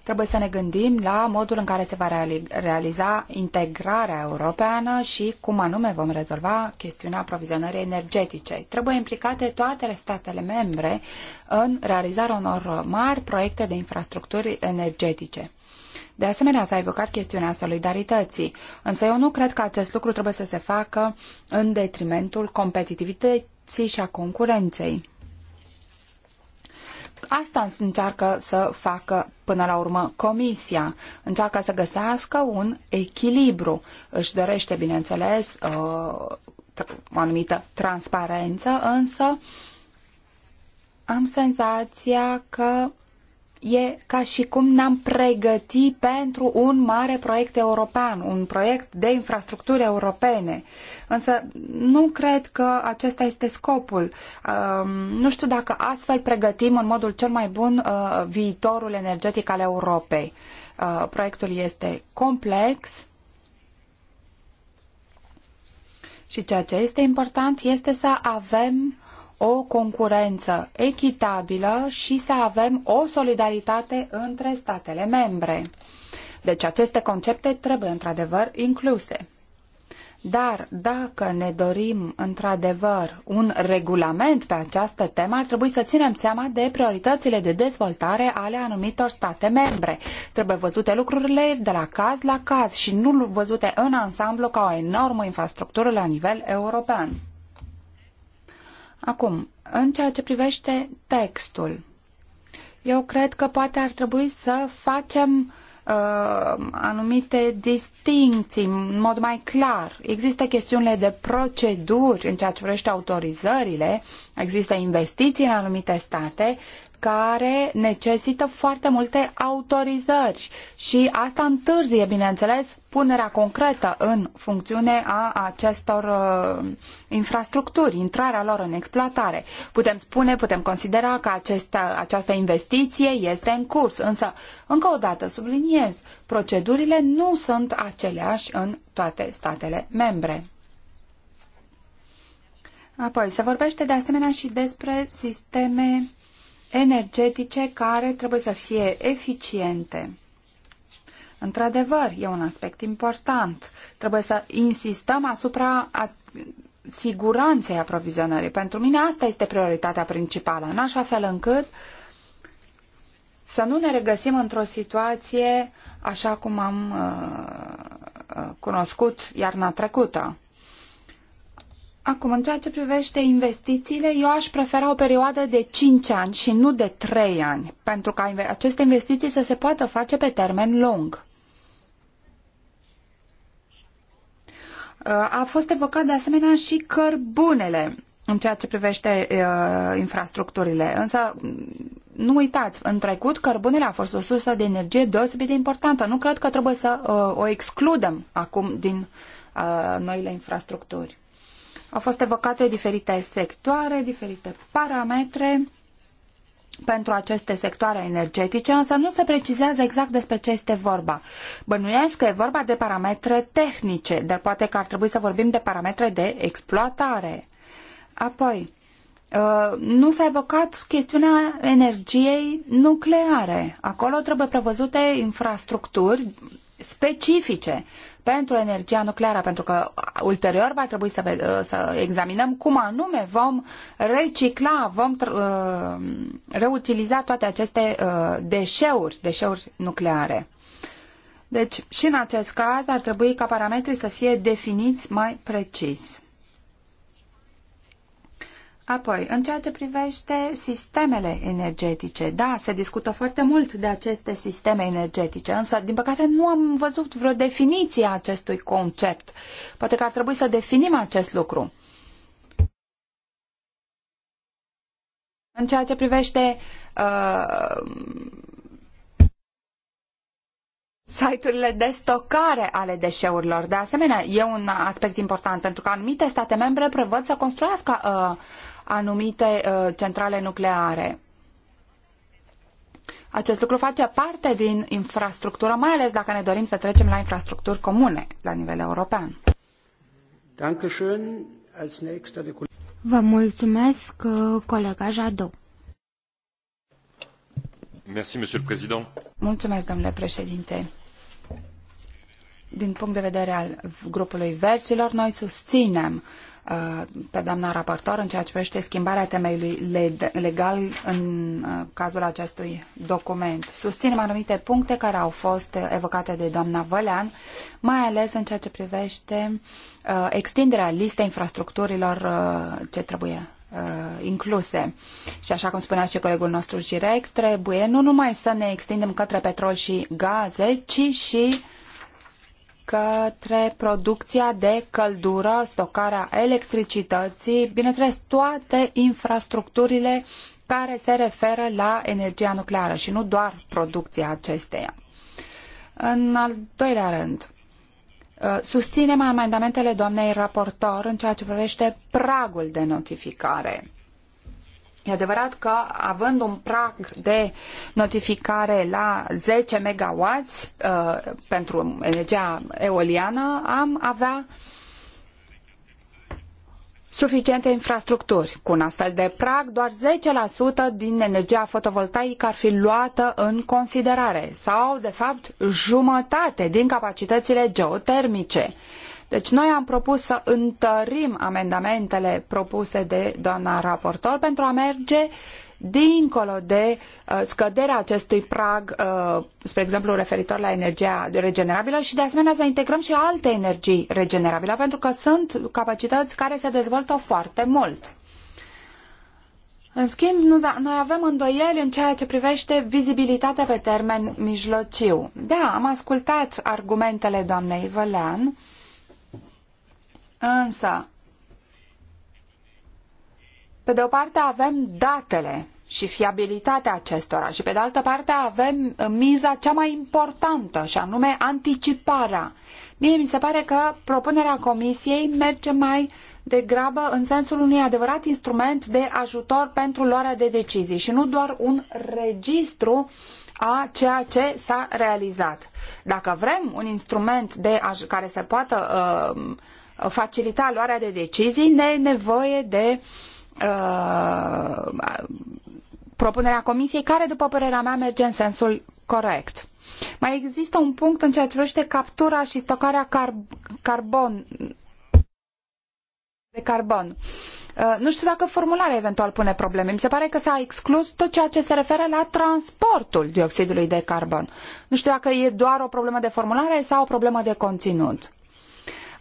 Trebuie să ne gândim la modul în care se va realiza integrarea europeană și cum anume vom rezolva chestiunea aprovizionării energetice. Trebuie implicate toate statele membre în realizarea unor mari proiecte de infrastructuri energetice. De asemenea, s-a evocat chestiunea solidarității, însă eu nu cred că acest lucru trebuie să se facă în detrimentul competitivității și a concurenței. Asta încearcă să facă până la urmă comisia. Încearcă să găsească un echilibru. Își dorește, bineînțeles, uh, o anumită transparență, însă am senzația că e ca și cum ne-am pregăti pentru un mare proiect european, un proiect de infrastructuri europene. Însă nu cred că acesta este scopul. Um, nu știu dacă astfel pregătim în modul cel mai bun uh, viitorul energetic al Europei. Uh, proiectul este complex, și ceea ce este important este să avem o concurență echitabilă și să avem o solidaritate între statele membre. Deci aceste concepte trebuie într-adevăr incluse. Dar dacă ne dorim într-adevăr un regulament pe această temă, ar trebui să ținem seama de prioritățile de dezvoltare ale anumitor state membre. Trebuie văzute lucrurile de la caz la caz și nu văzute în ansamblu ca o enormă infrastructură la nivel european. Acum, în ceea ce privește textul, eu cred că poate ar trebui să facem uh, anumite distinții în mod mai clar. Există chestiunile de proceduri în ceea ce privește autorizările, există investiții în anumite state care necesită foarte multe autorizări și asta întârzie, bineînțeles, punerea concretă în funcțiune a acestor uh, infrastructuri, intrarea lor în exploatare. Putem spune, putem considera că acesta, această investiție este în curs, însă, încă o dată subliniez, procedurile nu sunt aceleași în toate statele membre. Apoi, se vorbește de asemenea și despre sisteme energetice care trebuie să fie eficiente. Într-adevăr, e un aspect important. Trebuie să insistăm asupra siguranței aprovizionării. Pentru mine asta este prioritatea principală, în așa fel încât să nu ne regăsim într-o situație așa cum am uh, uh cunoscut iarna trecută. Acum, în ceea ce privește investițiile, eu aș prefera o perioadă de 5 ani și nu de 3 ani, pentru ca aceste investiții să se poată face pe termen lung. Uh, a fost evocat de asemenea și cărbunele în ceea ce privește uh, infrastructurile. Însă, nu uitați, în trecut cărbunele a fost o sursă de energie deosebit de importantă. Nu cred că trebuie să uh, o excludem acum din uh, noile infrastructuri. Au fost evocate diferite sectoare, diferite parametre pentru aceste sectoare energetice, însă nu se precizează exact despre ce este vorba. Bănuiesc că e vorba de parametre tehnice, dar poate că ar trebui să vorbim de parametre de exploatare. Apoi, uh, nu s-a evocat chestiunea energiei nucleare. Acolo trebuie prevăzute infrastructuri specifice pentru energia nucleară, pentru că ulterior va trebui să, uh, să examinăm cum anume vom recicla, vom uh, reutiliza toate aceste uh, deșeuri, deșeuri nucleare. Deci, și în acest caz ar trebui ca parametrii să fie definiți mai precis. Apoi, în ceea ce privește sistemele energetice, da, se discută foarte mult de aceste sisteme energetice, însă, din păcate, nu am văzut vreo definiție a acestui concept. Poate că ar trebui să definim acest lucru. În ceea ce privește uh, site-urile de stocare ale deșeurilor. De asemenea, e un aspect important pentru că anumite state membre prevăd să construiască uh, anumite uh, centrale nucleare. Acest lucru face parte din infrastructură, mai ales dacă ne dorim să trecem la infrastructuri comune la nivel european. Vă mulțumesc, uh, colega Jadot. Mulțumesc, domnule președinte. Din punct de vedere al grupului Versilor, noi susținem Uh, pe doamna raportor în ceea ce privește schimbarea temeiului legal în uh, cazul acestui document. Susținem anumite puncte care au fost uh, evocate de doamna Vălean, mai ales în ceea ce privește extinderea listei infrastructurilor ce trebuie incluse. Și așa cum spunea și colegul nostru direct, trebuie nu numai să ne extindem către petrol și gaze, ci și uh, către producția de căldură, stocarea electricității, bineînțeles toate infrastructurile care se referă la energia nucleară și nu doar producția acesteia. În al doilea rând, uh, susținem amendamentele doamnei raportor în ceea ce privește pragul de notificare. E adevărat că având un prag de notificare la 10 MW uh, pentru energia eoliană, am avea suficiente infrastructuri. Cu un astfel de prag, doar 10% din energia fotovoltaică ar fi luată în considerare sau, de fapt, jumătate din capacitățile geotermice. Deci noi am propus să întărim amendamentele propuse de doamna raportor pentru a merge dincolo de uh, scăderea acestui prag, uh, spre exemplu referitor la energia regenerabilă și de asemenea să integrăm și alte energii regenerabile, pentru că sunt capacități care se dezvoltă foarte mult. În schimb, noi avem îndoieli în ceea ce privește vizibilitatea pe termen mijlociu. Da, am ascultat argumentele doamnei Vălean, Însă, pe de o parte avem datele și fiabilitatea acestora și pe de altă parte avem uh, miza cea mai importantă și anume anticiparea. Mie mi se pare că propunerea comisiei merge mai degrabă în sensul unui adevărat instrument de ajutor pentru luarea de decizii și nu doar un registru a ceea ce s-a realizat. Dacă vrem un instrument de care se poată uh, facilita luarea de decizii, ne e nevoie de uh, propunerea comisiei, care, după părerea mea, merge în sensul corect. Mai există un punct în ceea ce privește captura și stocarea car carbon de carbon. Uh, nu știu dacă formularea eventual pune probleme. Mi se pare că s-a exclus tot ceea ce se referă la transportul dioxidului de carbon. Nu știu dacă e doar o problemă de formulare sau o problemă de conținut.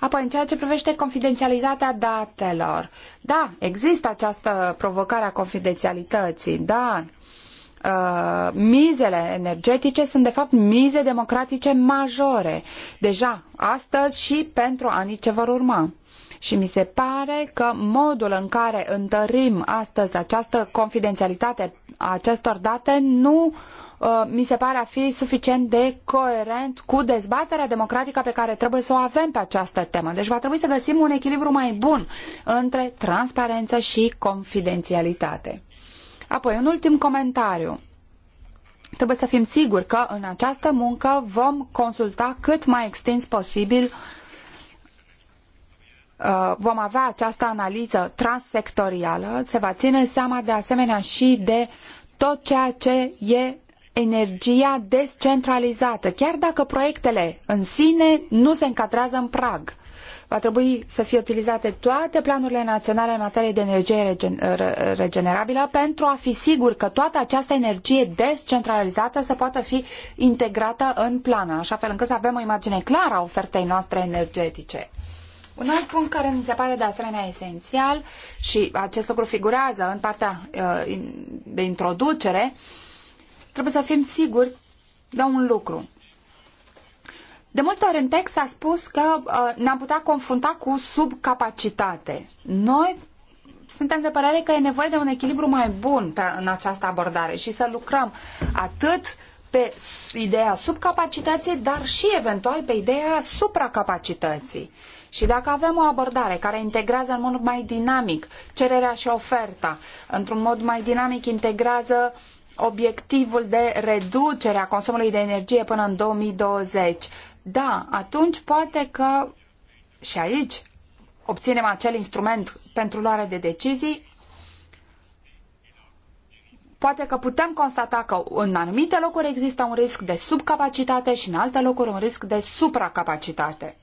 Apoi, în ceea ce privește confidențialitatea datelor, da, există această provocare a confidențialității, da, Uh, mizele energetice sunt de fapt mize democratice majore, deja astăzi și pentru anii ce vor urma. Și mi se pare că modul în care întărim astăzi această confidențialitate acestor date nu uh, mi se pare a fi suficient de coerent cu dezbaterea democratică pe care trebuie să o avem pe această temă. Deci va trebui să găsim un echilibru mai bun între transparență și confidențialitate. Apoi, un ultim comentariu. Trebuie să fim siguri că în această muncă vom consulta cât mai extins posibil Uh, vom avea această analiză transsectorială, se va ține seama de asemenea și de tot ceea ce e energia descentralizată, chiar dacă proiectele în sine nu se încadrează în prag. Va trebui să fie utilizate toate planurile naționale în materie de energie regenerabilă pentru a fi sigur că toată această energie descentralizată să poată fi integrată în plan, în așa fel încât să avem o imagine clară a ofertei noastre energetice. Un alt punct care mi se pare de asemenea esențial și acest lucru figurează în partea uh, de introducere, trebuie să fim siguri de un lucru. De multe ori în text s-a spus că uh, ne-am putea confrunta cu subcapacitate. Noi suntem de părere că e nevoie de un echilibru mai bun pe, în această abordare și să lucrăm atât pe ideea subcapacității, dar și eventual pe ideea supracapacității. Și dacă avem o abordare care integrează în mod mai dinamic cererea și oferta, într-un mod mai dinamic integrează obiectivul de reducere a consumului de energie până în 2020, da, atunci poate că și aici obținem acel instrument pentru luare de decizii, poate că putem constata că în anumite locuri există un risc de subcapacitate și în alte locuri un risc de supracapacitate.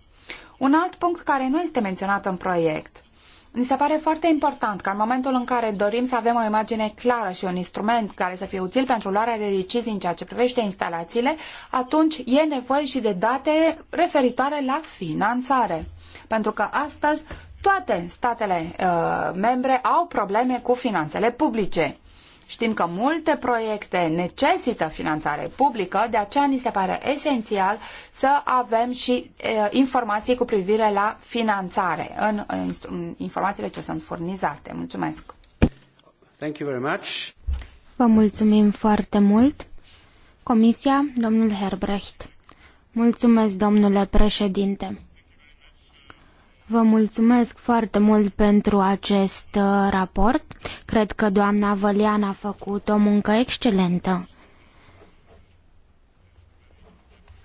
Un alt punct care nu este menționat în proiect. Mi se pare foarte important că în momentul în care dorim să avem o imagine clară și un instrument care să fie util pentru luarea de decizii în ceea ce privește instalațiile, atunci e nevoie și de date referitoare la finanțare. Pentru că astăzi toate statele uh, membre au probleme cu finanțele publice. Știm că multe proiecte necesită finanțare publică, de aceea ni se pare esențial să avem și informații cu privire la finanțare în, în informațiile ce sunt furnizate. Mulțumesc! Thank you very much. Vă mulțumim foarte mult. Comisia, domnul Herbrecht. Mulțumesc, domnule președinte. Vă mulțumesc foarte mult pentru acest uh, raport. Cred că doamna Vălian a făcut o muncă excelentă.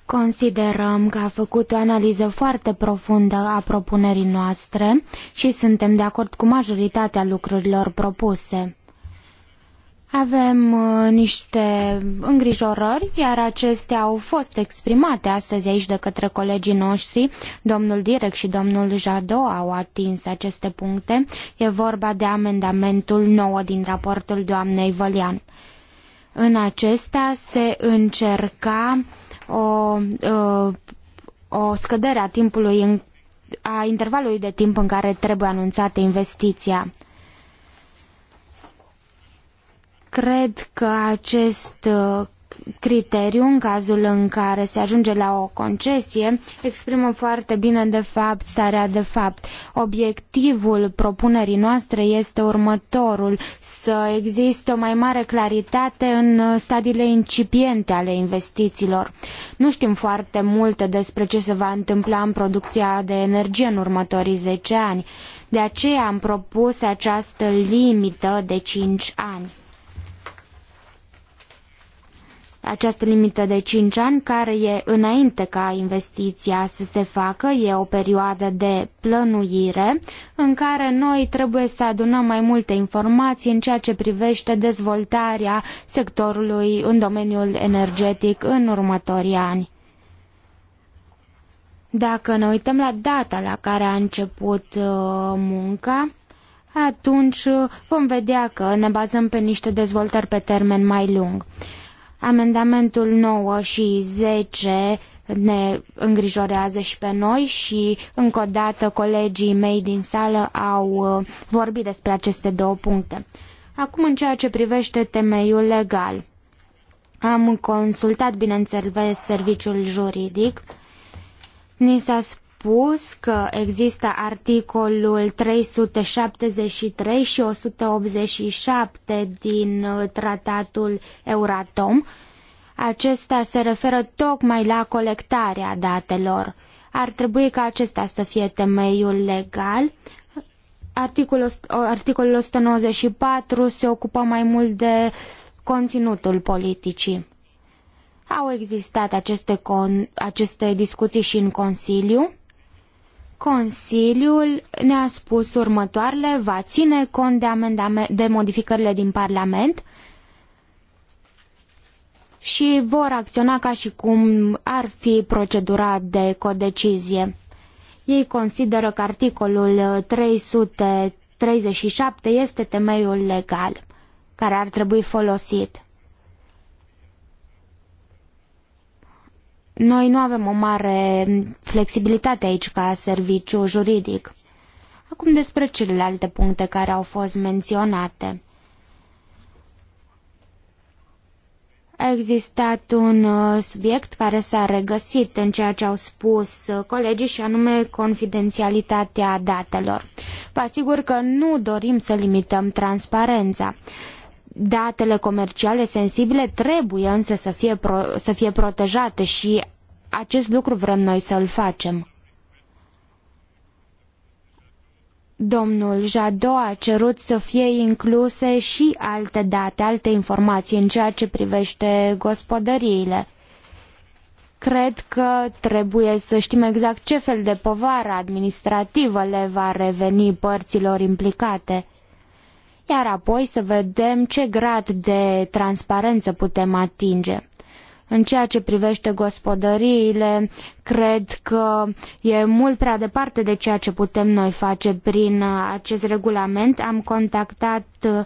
Considerăm că a făcut o analiză foarte profundă a propunerii noastre și suntem de acord cu majoritatea lucrurilor propuse. Avem uh, niște îngrijorări, iar acestea au fost exprimate astăzi aici de către colegii noștri. Domnul Direc și domnul Jado au atins aceste puncte. E vorba de amendamentul 9 din raportul doamnei Vălian. În acesta se încerca o, uh, o scădere a timpului în, a intervalului de timp în care trebuie anunțată investiția. Cred că acest uh, criteriu, în cazul în care se ajunge la o concesie, exprimă foarte bine, de fapt, starea de fapt. Obiectivul propunerii noastre este următorul, să existe o mai mare claritate în uh, stadiile incipiente ale investițiilor. Nu știm foarte multe despre ce se va întâmpla în producția de energie în următorii zece ani. De aceea am propus această limită de cinci ani această limită de 5 ani, care e înainte ca investiția să se facă, e o perioadă de plănuire în care noi trebuie să adunăm mai multe informații în ceea ce privește dezvoltarea sectorului în domeniul energetic în următorii ani. Dacă ne uităm la data la care a început uh, munca, atunci uh, vom vedea că ne bazăm pe niște dezvoltări pe termen mai lung. Amendamentul 9 și 10 ne îngrijorează și pe noi și încă o dată colegii mei din sală au uh, vorbit despre aceste două puncte. Acum în ceea ce privește temeiul legal. Am consultat, bineînțeles, serviciul juridic. Ni s-a spus spus că există articolul 373 și 187 din uh, tratatul Euratom. Acesta se referă tocmai la colectarea datelor. Ar trebui ca acesta să fie temeiul legal. Articolul, articolul 194 se ocupă mai mult de conținutul politicii. Au existat aceste, con, aceste discuții și în Consiliu. Consiliul ne-a spus următoarele, va ține cont de, de modificările din Parlament și vor acționa ca și cum ar fi procedura de codecizie. Ei consideră că articolul 337 este temeiul legal care ar trebui folosit. Noi nu avem o mare flexibilitate aici ca serviciu juridic. Acum despre celelalte puncte care au fost menționate. A existat un uh, subiect care s-a regăsit în ceea ce au spus uh, colegii și anume confidențialitatea datelor. Vă asigur că nu dorim să limităm transparența. Datele comerciale sensibile trebuie însă să fie, pro, să fie protejate și acest lucru vrem noi să-l facem. Domnul Jadot a cerut să fie incluse și alte date, alte informații în ceea ce privește gospodăriile. Cred că trebuie să știm exact ce fel de povară administrativă le va reveni părților implicate iar apoi să vedem ce grad de transparență putem atinge. În ceea ce privește gospodăriile, cred că e mult prea departe de ceea ce putem noi face prin acest regulament. Am contactat uh,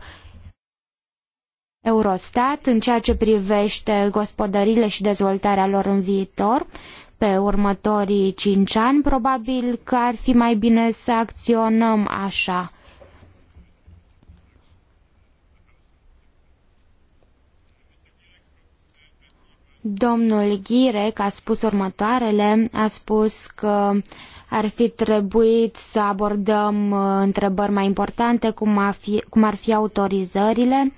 Eurostat în ceea ce privește gospodăriile și dezvoltarea lor în viitor pe următorii cinci ani, probabil că ar fi mai bine să acționăm așa. Domnul Ghirec a spus următoarele, a spus că ar fi trebuit să abordăm uh, întrebări mai importante, cum ar fi, cum ar fi autorizările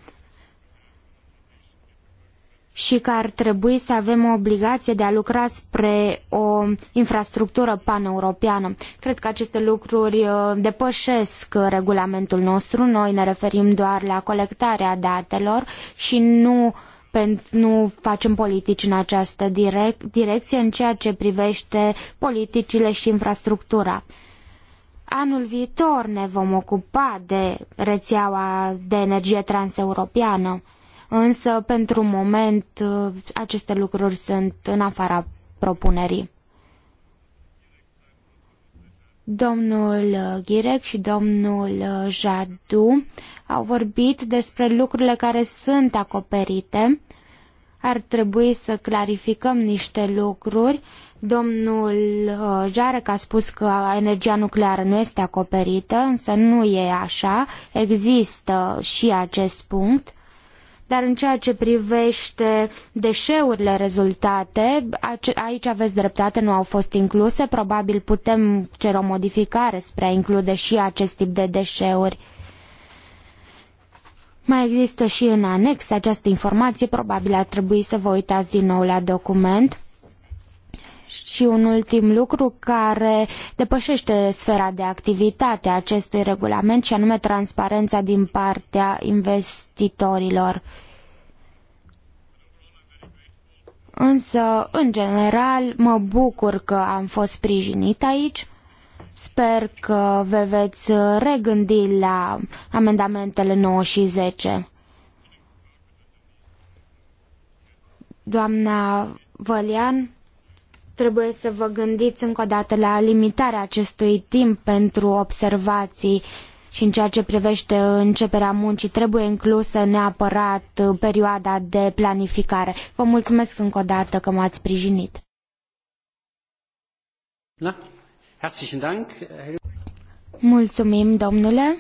și că ar trebui să avem o obligație de a lucra spre o infrastructură paneuropeană. Cred că aceste lucruri uh, depășesc regulamentul nostru. Noi ne referim doar la colectarea datelor și nu uh, nu facem politici în această direc- direcție în ceea ce privește politicile și infrastructura. Anul viitor ne vom ocupa de rețeaua de energie transeuropeană, însă pentru moment aceste lucruri sunt în afara propunerii. Domnul Ghirec și domnul Jadu au vorbit despre lucrurile care sunt acoperite. Ar trebui să clarificăm niște lucruri. Domnul uh, Jarec a spus că energia nucleară nu este acoperită, însă nu e așa. Există și acest punct dar în ceea ce privește deșeurile rezultate, aici aveți dreptate, nu au fost incluse, probabil putem cere o modificare spre a include și acest tip de deșeuri. Mai există și în anex această informație, probabil ar trebui să vă uitați din nou la document. Și un ultim lucru care depășește sfera de activitate a acestui regulament și anume transparența din partea investitorilor. Însă, în general, mă bucur că am fost sprijinit aici Sper că vă veți regândi la amendamentele 9 și 10. Doamna Vălian, trebuie să vă gândiți încă o dată la limitarea acestui timp pentru observații și în ceea ce privește începerea muncii trebuie inclusă neapărat perioada de planificare. Vă mulțumesc încă o dată că m-ați sprijinit. Da? Mulțumim, domnule.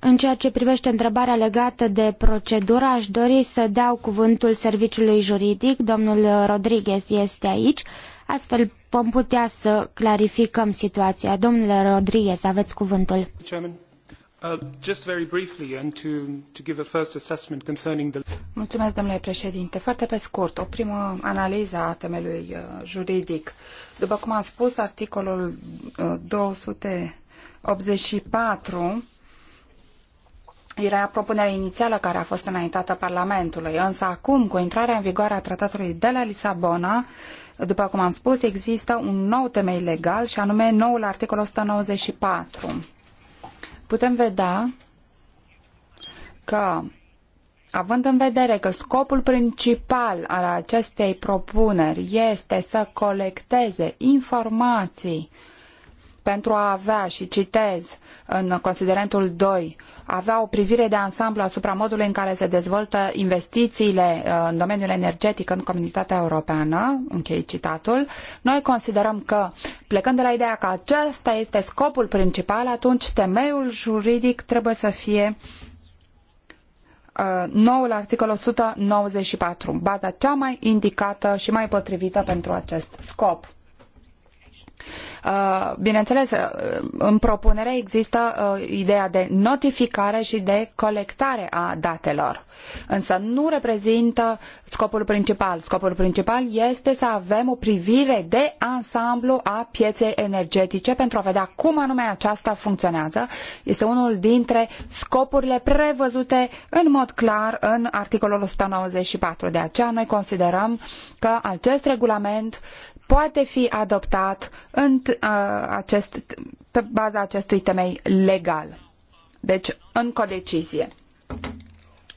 În ceea ce privește întrebarea legată de procedură, aș dori să dau cuvântul serviciului juridic. Domnul Rodriguez este aici. Astfel vom putea să clarificăm situația. Domnule Rodriguez, aveți cuvântul. Chairman. Uh, just very briefly and to, to give a first assessment concerning the... Mulțumesc, domnule președinte. Foarte pe scurt, o primă analiză a temelui uh, juridic. După cum am spus, articolul 284 uh, era propunerea inițială care a fost înaintată Parlamentului, însă acum, cu intrarea în vigoare a tratatului de la Lisabona, după cum am spus, există un nou temei legal și anume noul articol 194 putem vedea că, având în vedere că scopul principal al acestei propuneri este să colecteze informații pentru a avea, și citez în considerentul 2, avea o privire de ansamblu asupra modului în care se dezvoltă investițiile uh, în domeniul energetic în comunitatea europeană, închei citatul, noi considerăm că, plecând de la ideea că acesta este scopul principal, atunci temeiul juridic trebuie să fie uh, noul articol 194, baza cea mai indicată și mai potrivită pentru acest scop. Uh, bineînțeles, uh, în propunere există uh, ideea de notificare și de colectare a datelor, însă nu reprezintă scopul principal. Scopul principal este să avem o privire de ansamblu a pieței energetice pentru a vedea cum anume aceasta funcționează. Este unul dintre scopurile prevăzute în mod clar în articolul 194. De aceea noi considerăm că acest regulament poate fi adoptat în uh, acest, pe baza acestui temei legal. Deci, în codecizie.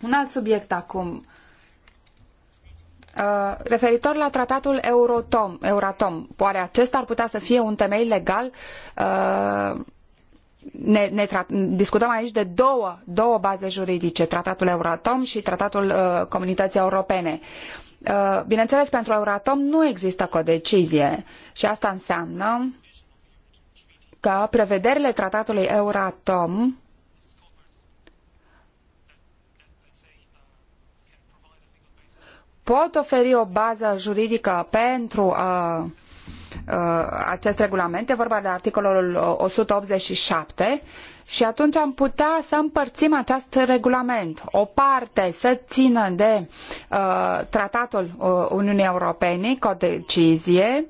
Un alt subiect acum, uh, referitor la tratatul Eurotom, Euratom. Oare acesta ar putea să fie un temei legal? Uh, ne, ne discutăm aici de două, două baze juridice, tratatul Euratom și tratatul Comunității Europene. Uh, bineînțeles, pentru Euratom nu există codecizie și asta înseamnă că prevederile tratatului Euratom pot oferi o bază juridică pentru uh, uh, acest regulament. E vorba de articolul 187 și atunci am putea să împărțim acest regulament. O parte să țină de uh, Tratatul uh, Uniunii Europene, cu o decizie,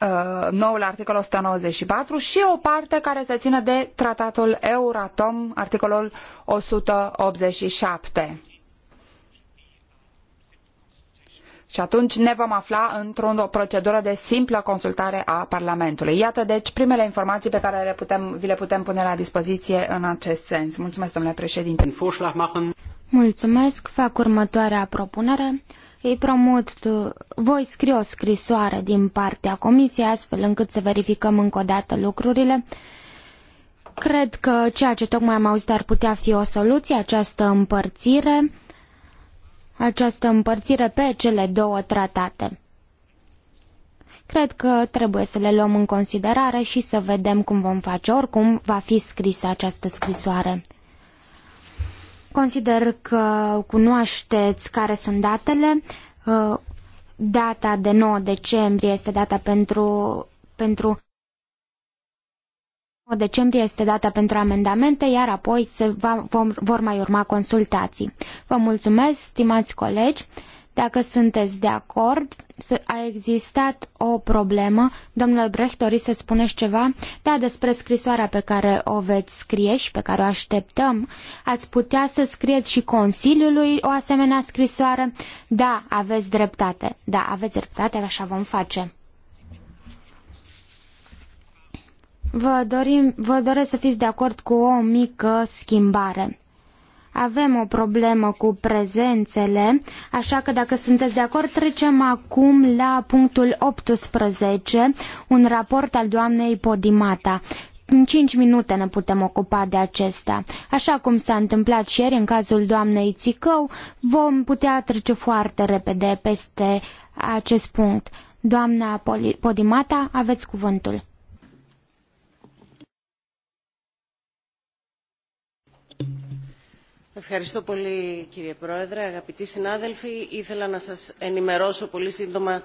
uh, noul articol 194 și o parte care se țină de tratatul Euratom, articolul 187. Și atunci ne vom afla într-o procedură de simplă consultare a Parlamentului. Iată, deci, primele informații pe care le putem, vi le putem pune la dispoziție în acest sens. Mulțumesc, domnule președinte. Mulțumesc, fac următoarea propunere. Îi promut, voi scrie o scrisoare din partea comisiei, astfel încât să verificăm încă o dată lucrurile. Cred că ceea ce tocmai am auzit ar putea fi o soluție, această împărțire această împărțire pe cele două tratate. Cred că trebuie să le luăm în considerare și să vedem cum vom face. Oricum va fi scrisă această scrisoare. Consider că cunoașteți care sunt datele. Uh, data de 9 decembrie este data pentru, pentru 9 decembrie este data pentru amendamente, iar apoi se va, vom, vor mai urma consultații. Vă mulțumesc, stimați colegi. Dacă sunteți de acord, a existat o problemă. Domnule Brecht, doriți să spuneți ceva? Da, despre scrisoarea pe care o veți scrie și pe care o așteptăm. Ați putea să scrieți și Consiliului o asemenea scrisoare? Da, aveți dreptate. Da, aveți dreptate, așa vom face. Vă, dorim, vă doresc să fiți de acord cu o mică schimbare. Avem o problemă cu prezențele, așa că dacă sunteți de acord, trecem acum la punctul 18, un raport al doamnei Podimata. În 5 minute ne putem ocupa de acesta. Așa cum s-a întâmplat și ieri în cazul doamnei Țicău, vom putea trece foarte repede peste acest punct. Doamna Podimata, aveți cuvântul. Ευχαριστώ πολύ κύριε Πρόεδρε. Αγαπητοί συνάδελφοι, ήθελα να σας ενημερώσω πολύ σύντομα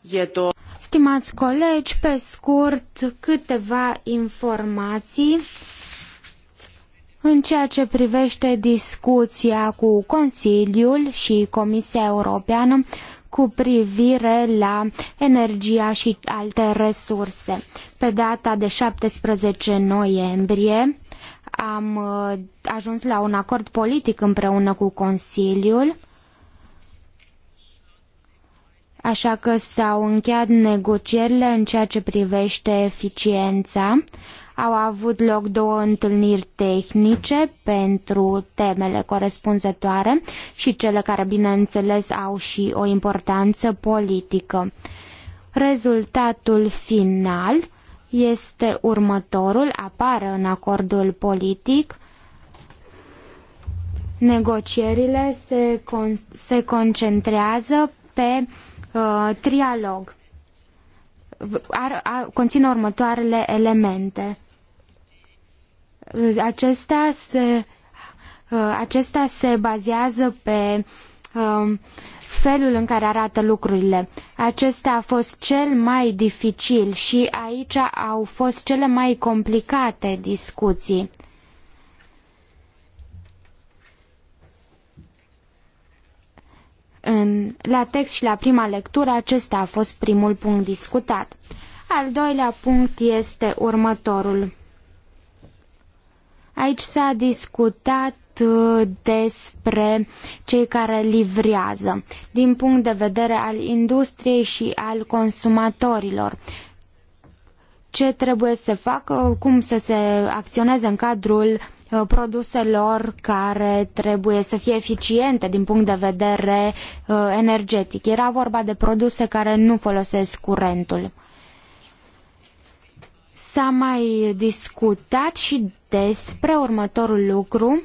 για το... Stimați colegi, pe scurt câteva informații în ceea ce privește discuția cu Consiliul și Comisia Europeană cu privire la energia și alte resurse. Pe data de 17 noiembrie, am uh, ajuns la un acord politic împreună cu Consiliul, așa că s-au încheiat negocierile în ceea ce privește eficiența. Au avut loc două întâlniri tehnice pentru temele corespunzătoare și cele care, bineînțeles, au și o importanță politică. Rezultatul final este următorul, apare în acordul politic. Negocierile se, con- se concentrează pe uh, trialog. Ar, ar, conține următoarele elemente. Uh, acestea se, uh, acestea se bazează pe uh, felul în care arată lucrurile. Acesta a fost cel mai dificil și aici au fost cele mai complicate discuții. În, la text și la prima lectură acesta a fost primul punct discutat. Al doilea punct este următorul. Aici s-a discutat Uh, despre cei care livrează, din punct de vedere al industriei și al consumatorilor. Ce trebuie să facă, cum să se acționeze în cadrul uh, produselor care trebuie să fie eficiente din punct de vedere uh, energetic. Era vorba de produse care nu folosesc curentul. S-a mai discutat și despre următorul lucru,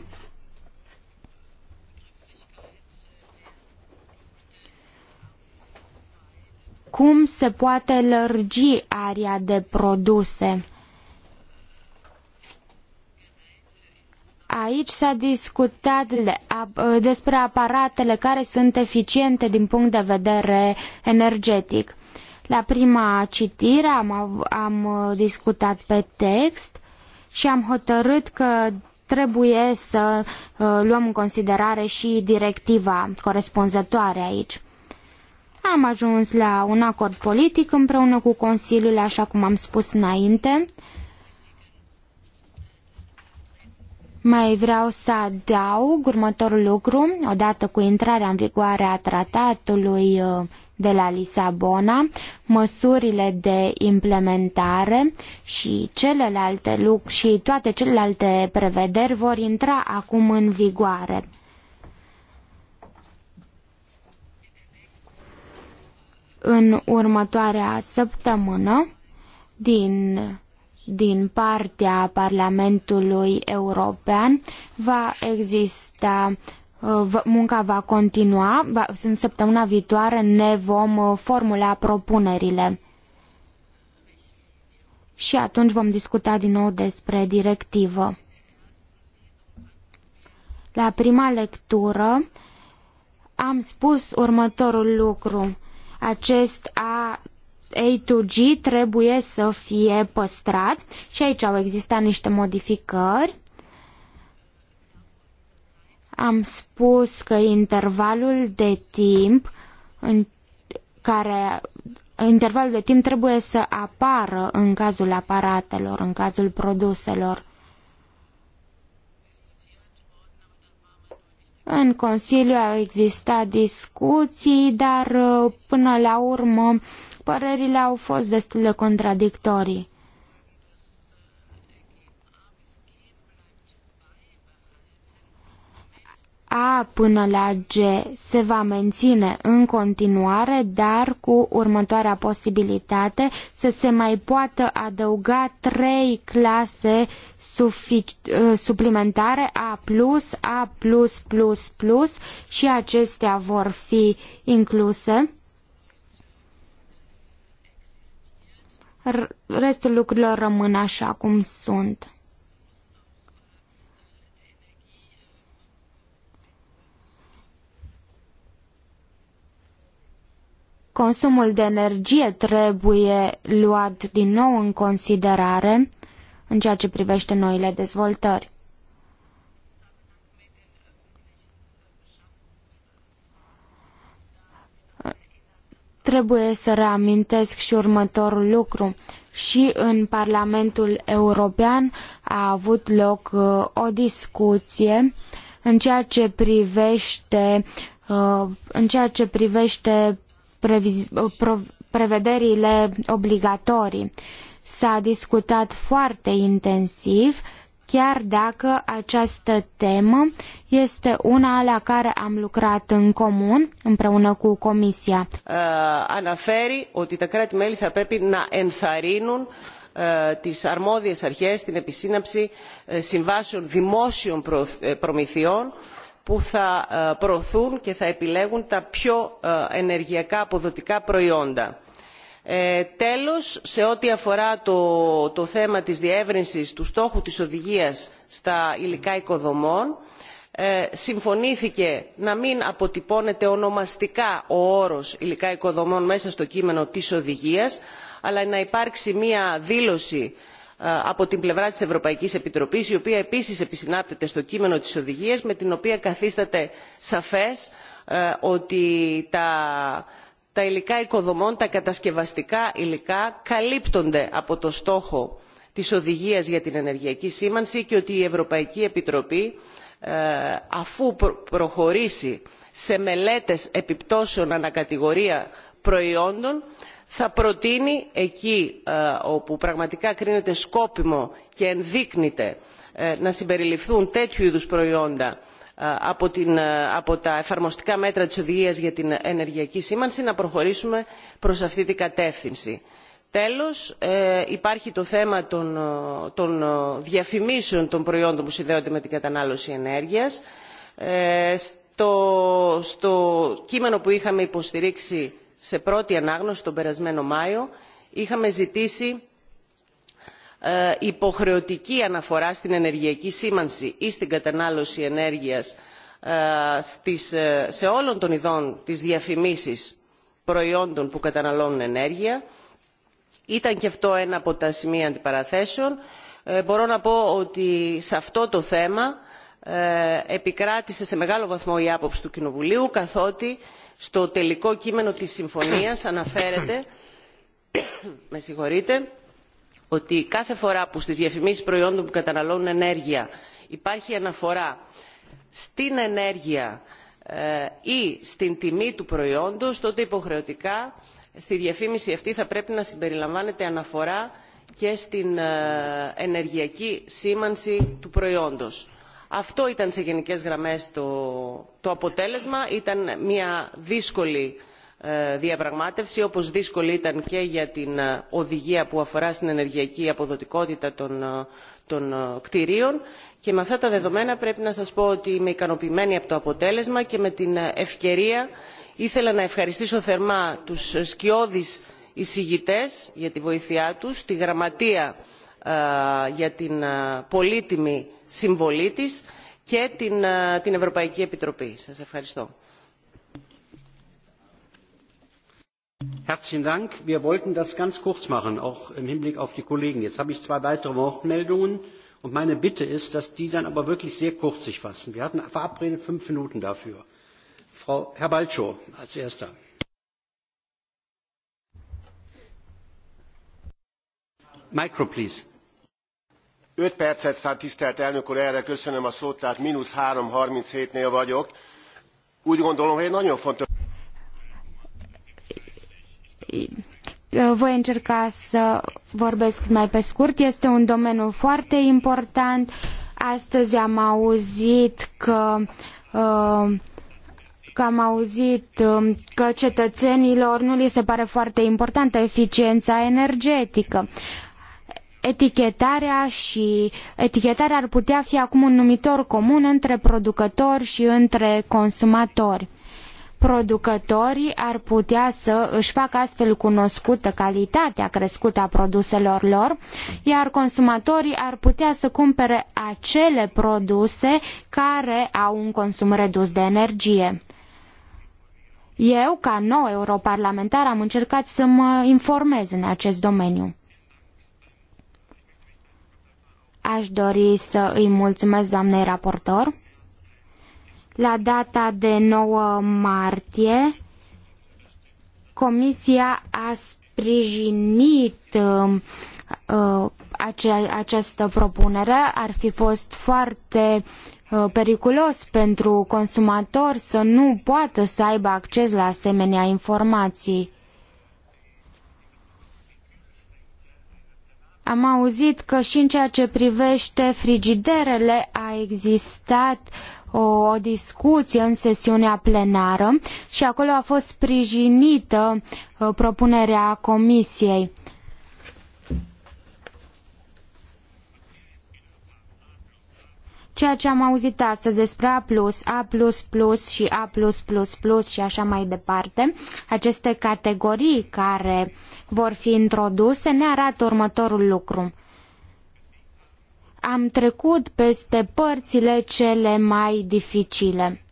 cum se poate lărgi aria de produse. Aici s-a discutat despre aparatele care sunt eficiente din punct de vedere energetic. La prima citire am, am uh, discutat pe text și am hotărât că trebuie să uh, luăm în considerare și directiva corespunzătoare aici. Am ajuns la un acord politic împreună cu Consiliul, așa cum am spus înainte. Mai vreau să adaug următorul lucru. Odată cu intrarea în vigoare a tratatului uh, de la Lisabona, măsurile de implementare și celelalte lucruri și toate celelalte prevederi vor intra acum în vigoare în următoarea săptămână din, din partea Parlamentului European va exista munca va continua, în săptămâna viitoare ne vom uh, formula propunerile. Și atunci vom discuta din nou despre directivă. La prima lectură am spus următorul lucru acest a A2G trebuie să fie păstrat și aici au existat niște modificări. Am spus că intervalul de timp în care intervalul de timp trebuie să apară în cazul aparatelor, în cazul produselor. În Consiliu au existat discuții, dar uh, până la urmă părerile au fost destul de contradictorii. A până la G se va menține în continuare, dar cu următoarea posibilitate să se mai poată adăuga trei clase uh, suplimentare A+, A++++ și acestea vor fi incluse. Restul lucrurilor rămân așa cum sunt. Consumul de energie trebuie luat din nou în considerare în ceea ce privește noile dezvoltări. Trebuie să reamintesc și următorul lucru. Și în Parlamentul European a avut loc uh, o discuție în ceea ce privește uh, în ceea ce privește prevederile obligatorii. S-a discutat foarte intensiv chiar dacă această temă este una la care am lucrat în comun împreună cu Comisia. Αναφέρει uh, ότι τα κράτη-μέλη θα πρέπει να ενθαρρύνουν uh, τις αρμόδιες αρχές στην επισύναψη uh, συμβάσεων δημόσιων προμηθειών που θα προωθούν και θα επιλέγουν τα πιο ενεργειακά αποδοτικά προϊόντα. Ε, τέλος σε ό,τι αφορά το, το θέμα της διεύρυνσης του στόχου της οδηγίας στα υλικά οικοδομών ε, συμφωνήθηκε να μην αποτυπώνεται ονομαστικά ο όρος υλικά οικοδομών μέσα στο κείμενο της οδηγίας αλλά να υπάρξει μια δήλωση από την πλευρά της ευρωπαϊκής επιτροπής η οποία επίσης επισυνάπτεται στο κείμενο της οδηγίας με την οποία καθίσταται σαφές ότι τα υλικά οικοδομών τα κατασκευαστικά υλικά καλύπτονται από το στόχο της οδηγίας για την ενεργειακή σήμανση και ότι η ευρωπαϊκή επιτροπή αφού προχωρήσει σε μελέτες επιπτώσεων ανακατηγορία προϊόντων θα προτείνει εκεί όπου πραγματικά κρίνεται σκόπιμο και ενδείκνυται να συμπεριληφθούν τέτοιου είδους προϊόντα από, την, από τα εφαρμοστικά μέτρα της οδηγίας για την ενεργειακή σήμανση να προχωρήσουμε προς αυτή την κατεύθυνση. τέλος υπάρχει το θέμα των, των διαφημίσεων των προϊόντων που συνδέονται με την κατανάλωση ενέργειας. στο, στο κείμενο που είχαμε υποστηρίξει σε πρώτη ανάγνωση τον περασμένο Μάιο είχαμε ζητήσει υποχρεωτική αναφορά στην ενεργειακή σήμανση ή στην κατανάλωση ενέργειας σε όλων των ειδών της διαφημίσεις προϊόντων που καταναλώνουν ενέργεια. Ήταν και αυτό ένα από τα σημεία αντιπαραθέσεων. Μπορώ να πω ότι σε αυτό το θέμα επικράτησε σε μεγάλο βαθμό η άποψη του Κοινοβουλίου καθότι στο τελικό κείμενο της συμφωνίας αναφέρεται ότι κάθε φορά που στις διαφημίσεις προϊόντων που καταναλώνουν ενέργεια υπάρχει αναφορά στην ενέργεια ή στην τιμή του προϊόντος τότε υποχρεωτικά στη διαφήμιση αυτή θα πρέπει να συμπεριλαμβάνεται αναφορά και στην ενεργειακή σήμανση του προϊόντος Αυτό ήταν σε γενικές γραμμές το, το αποτέλεσμα. Ήταν μια δύσκολη ε, διαπραγμάτευση, όπως δύσκολη ήταν και για την οδηγία που αφορά στην ενεργειακή αποδοτικότητα των, των κτηρίων και με αυτά τα δεδομένα πρέπει να σας πω ότι είμαι ικανοποιημένη από το αποτέλεσμα και με την ευκαιρία ήθελα να ευχαριστήσω θερμά τους σκιώδεις εισηγητές για τη βοήθειά τους, τη γραμματεία για την πολύτιμη συμβολή τη και την, την Ευρωπαϊκή Επιτροπή. Σας ευχαριστώ. Herzlichen Dank. Wir wollten das ganz kurz machen, auch im Hinblick auf die Kollegen. Jetzt habe ich zwei weitere Wortmeldungen und meine Bitte ist, dass die dann aber wirklich sehr kurz sich fassen. Wir hatten verabredet fünf Minuten dafür. Frau Herr Balcho als Erster. Micro, please percet szánt tisztelt elnök úr erre köszönöm a szót, tehát mínusz 3.37-nél vagyok. Úgy gondolom, hogy nagyon fontos... Voi încerca să vorbesc mai pe scurt. Este un domeniu foarte important. Astăzi am auzit că uh, că am auzit um, că cetățenilor nu li se pare foarte importantă eficiența energetică. Etichetarea și etichetarea ar putea fi acum un numitor comun între producători și între consumatori. Producătorii ar putea să își facă astfel cunoscută calitatea crescută a produselor lor, iar consumatorii ar putea să cumpere acele produse care au un consum redus de energie. Eu, ca nou europarlamentar, am încercat să mă informez în acest domeniu. Aș dori să îi mulțumesc doamnei raportor. La data de 9 martie, Comisia a sprijinit um, uh, ace această propunere. Ar fi fost foarte uh, periculos pentru consumator să nu poată să aibă acces la asemenea informații. Am auzit că și în ceea ce privește frigiderele a existat o discuție în sesiunea plenară și acolo a fost sprijinită uh, propunerea comisiei. Ceea ce am auzit astăzi despre A+, A++, și A+++ și așa mai departe, aceste categorii care vor fi introduse ne arată următorul lucru am trecut peste părțile cele mai dificile.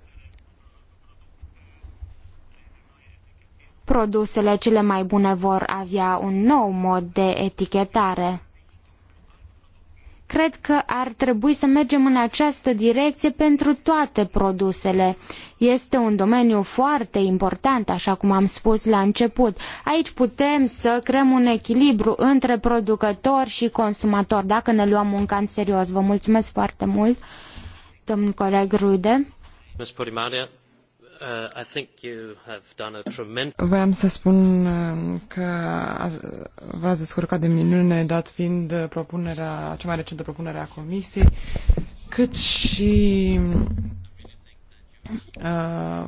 Produsele cele mai bune vor avea un nou mod de etichetare. Cred că ar trebui să mergem în această direcție pentru toate produsele. Este un domeniu foarte important, așa cum am spus la început. Aici putem să creăm un echilibru între producători și consumatori, dacă ne luăm munca în serios. Vă mulțumesc foarte mult, domnul coleg Rude. Mulțumesc, Uh, Voiam să spun um, că v-ați descurcat de minune, dat fiind propunerea, cea mai recentă propunere a Comisiei, cât și uh,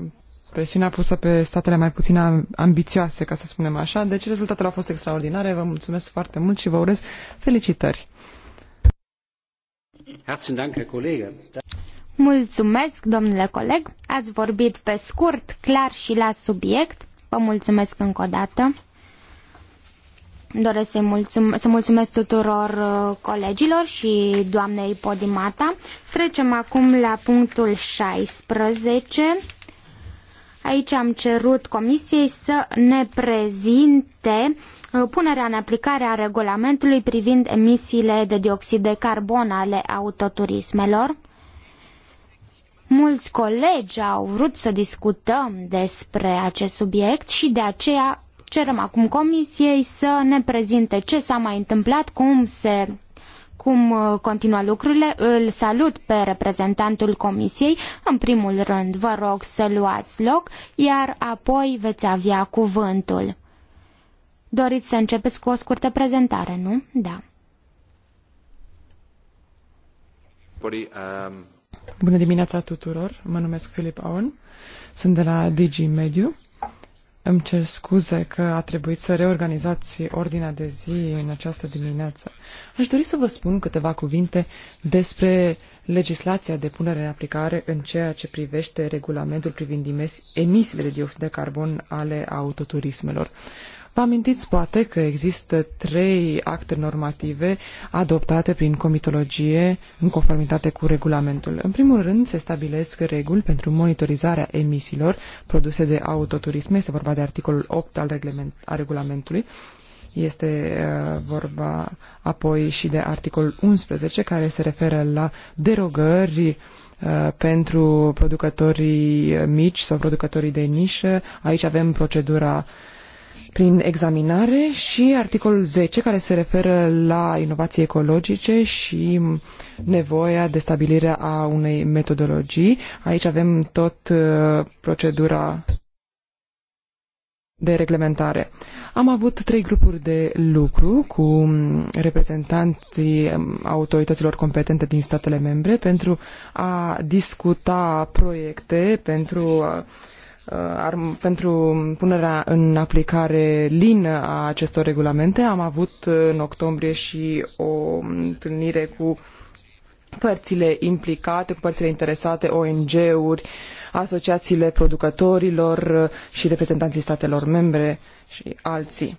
presiunea pusă pe statele mai puțin ambițioase, ca să spunem așa. Deci rezultatele au fost extraordinare. Vă mulțumesc foarte mult și vă urez felicitări. Mulțumesc, domnule coleg, ați vorbit pe scurt, clar și la subiect. Vă mulțumesc încă o dată. Doresc să-i să mulțumesc tuturor uh, colegilor și doamnei Podimata. Trecem acum la punctul 16. Aici am cerut comisiei să ne prezinte uh, punerea în aplicare a regulamentului privind emisiile de dioxid de carbon ale autoturismelor. Mulți colegi au vrut să discutăm despre acest subiect și de aceea cerem acum comisiei să ne prezinte ce s-a mai întâmplat, cum se cum uh, continuă lucrurile. Îl salut pe reprezentantul comisiei. În primul rând, vă rog să luați loc, iar apoi veți avea cuvântul. Doriți să începeți cu o scurtă prezentare, nu? Da. Păi, um, Bună dimineața tuturor, mă numesc Filip Aon, sunt de la Digi Mediu. Îmi cer scuze că a trebuit să reorganizați ordinea de zi în această dimineață. Aș dori să vă spun câteva cuvinte despre legislația de punere în aplicare în ceea ce privește regulamentul privind emisiile de dioxid de carbon ale autoturismelor. Vă amintiți poate că există trei acte normative adoptate prin comitologie în conformitate cu regulamentul. În primul rând se stabilesc reguli pentru monitorizarea emisiilor produse de autoturisme. Este vorba de articolul 8 al regulament, a regulamentului. Este uh, vorba apoi și de articolul 11 care se referă la derogări uh, pentru producătorii mici sau producătorii de nișă. Aici avem procedura uh, prin examinare și articolul 10 care se referă la inovații ecologice și nevoia de stabilire a unei metodologii. Aici avem tot uh, procedura de reglementare. Am avut trei grupuri de lucru cu reprezentanții um, autorităților competente din statele membre pentru a discuta proiecte, pentru uh, Uh, pentru punerea în aplicare lină a acestor regulamente. Am avut uh, în octombrie și o întâlnire cu părțile implicate, cu părțile interesate, ONG-uri, asociațiile producătorilor uh, și reprezentanții statelor membre și alții.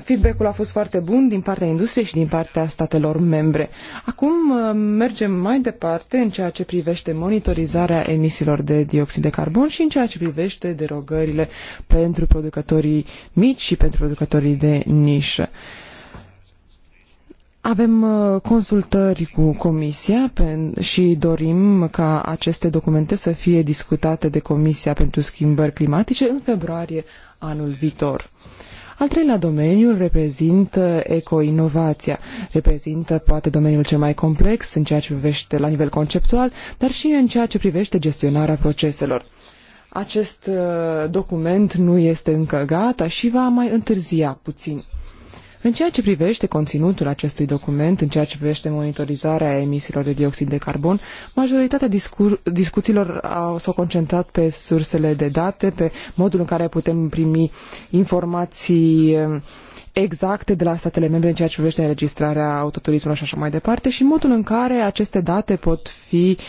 Feedback-ul a fost foarte bun din partea industriei și din partea statelor membre. Acum uh, mergem mai departe în ceea ce privește monitorizarea emisiilor de dioxid de carbon și în ceea ce privește derogările pentru producătorii mici și pentru producătorii de nișă. Avem uh, consultări cu Comisia și dorim ca aceste documente să fie discutate de Comisia pentru Schimbări Climatice în februarie anul viitor. Al treilea domeniu reprezintă ecoinovația, reprezintă poate domeniul cel mai complex în ceea ce privește la nivel conceptual, dar și în ceea ce privește gestionarea proceselor. Acest uh, document nu este încă gata și va mai întârzia puțin. În ceea ce privește conținutul acestui document, în ceea ce privește monitorizarea emisiilor de dioxid de carbon, majoritatea discur- discuțiilor au, s-au concentrat pe sursele de date, pe modul în care putem primi informații um, exacte de la statele membre în ceea ce privește înregistrarea autoturismului, și așa mai departe și modul în care aceste date pot fi uh,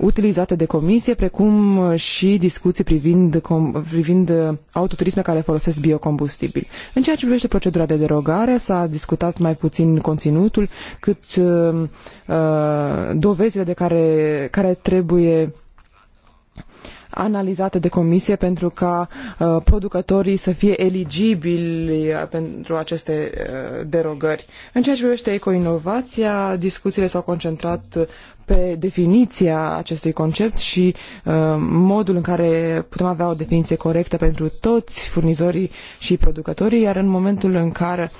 utilizate de comisie, precum uh, și discuții privind, com, privind uh, autoturisme care folosesc biocombustibili. În ceea ce privește procedura de derogare, s-a discutat mai puțin conținutul, cât uh, uh dovezile de care, care trebuie analizate de comisie pentru ca uh, producătorii să fie eligibili uh, pentru aceste uh, derogări. În ceea ce privește ecoinovația, discuțiile s-au concentrat pe definiția acestui concept și modul în care putem avea o definiție corectă pentru toți furnizorii și producătorii, iar în momentul în care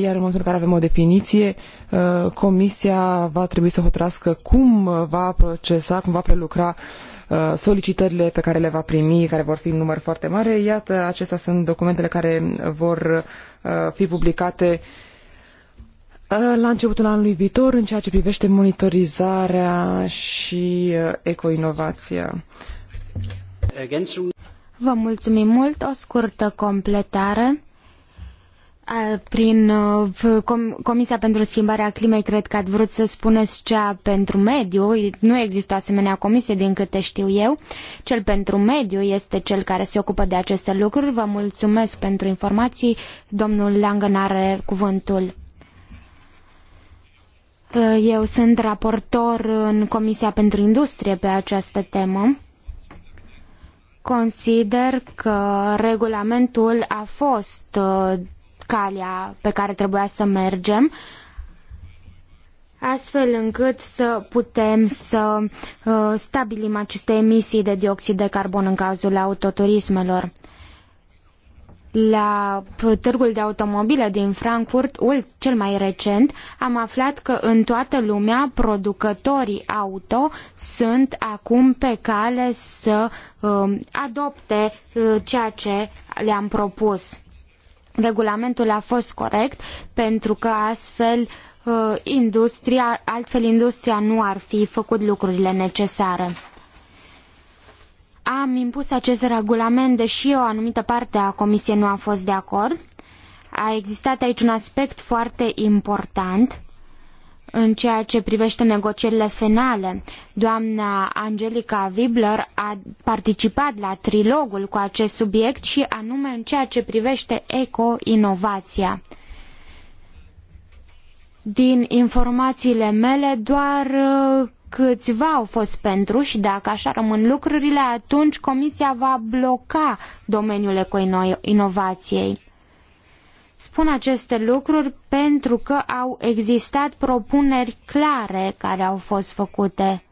iar în momentul în care avem o definiție, Comisia va trebui să hotărască cum va procesa, cum va prelucra uh, Uh, solicitările pe care le va primi, care vor fi în număr foarte mare. Iată, acestea sunt documentele care vor uh, fi publicate uh, la începutul anului viitor în ceea ce privește monitorizarea și ecoinovația. Vă mulțumim mult. O scurtă completare prin uh, Comisia pentru Schimbarea Climei, cred că ați vrut să spuneți cea pentru mediu. Nu există o asemenea comisie, din câte știu eu. Cel pentru mediu este cel care se ocupă de aceste lucruri. Vă mulțumesc pentru informații. Domnul Langan are cuvântul. Uh, eu sunt raportor în Comisia pentru Industrie pe această temă consider că regulamentul a fost uh, calea pe care trebuia să mergem, astfel încât să putem să uh, stabilim aceste emisii de dioxid de carbon în cazul autoturismelor. La târgul de automobile din Frankfurt, cel mai recent, am aflat că în toată lumea producătorii auto sunt acum pe cale să uh, adopte uh, ceea ce le-am propus regulamentul a fost corect pentru că astfel uh, industria, altfel industria nu ar fi făcut lucrurile necesare. Am impus acest regulament deși o anumită parte a comisiei nu a fost de acord. A existat aici un aspect foarte important în ceea ce privește negocierile finale, doamna Angelica Wibler a participat la trilogul cu acest subiect și anume în ceea ce privește eco-inovația. Din informațiile mele, doar uh, câțiva au fost pentru și dacă așa rămân lucrurile, atunci Comisia va bloca domeniul eco-inovației. Spun aceste lucruri pentru că au existat propuneri clare care au fost făcute.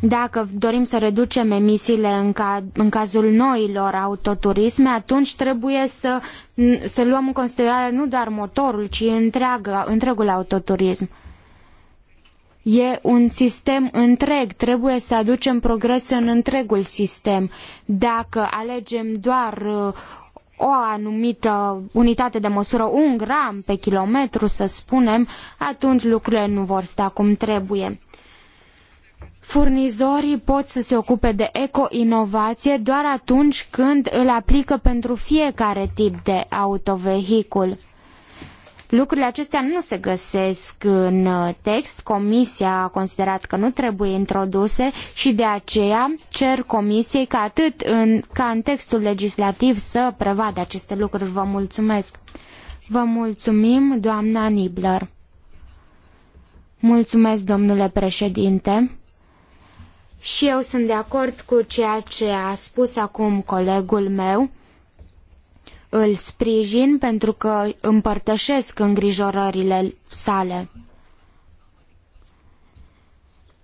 Dacă dorim să reducem emisiile în, ca, în cazul noilor autoturisme, atunci trebuie să, să luăm în considerare nu doar motorul, ci întreagă, întregul autoturism. E un sistem întreg, trebuie să aducem progres în întregul sistem. Dacă alegem doar uh, o anumită unitate de măsură, un gram pe kilometru, să spunem, atunci lucrurile nu vor sta cum trebuie. Furnizorii pot să se ocupe de ecoinovație doar atunci când îl aplică pentru fiecare tip de autovehicul. Lucrurile acestea nu se găsesc în uh, text. Comisia a considerat că nu trebuie introduse și de aceea cer Comisiei ca atât în, ca în textul legislativ să prevadă aceste lucruri. Vă mulțumesc! Vă mulțumim, doamna Nibler! Mulțumesc, domnule președinte! Și eu sunt de acord cu ceea ce a spus acum colegul meu îl sprijin pentru că împărtășesc îngrijorările sale.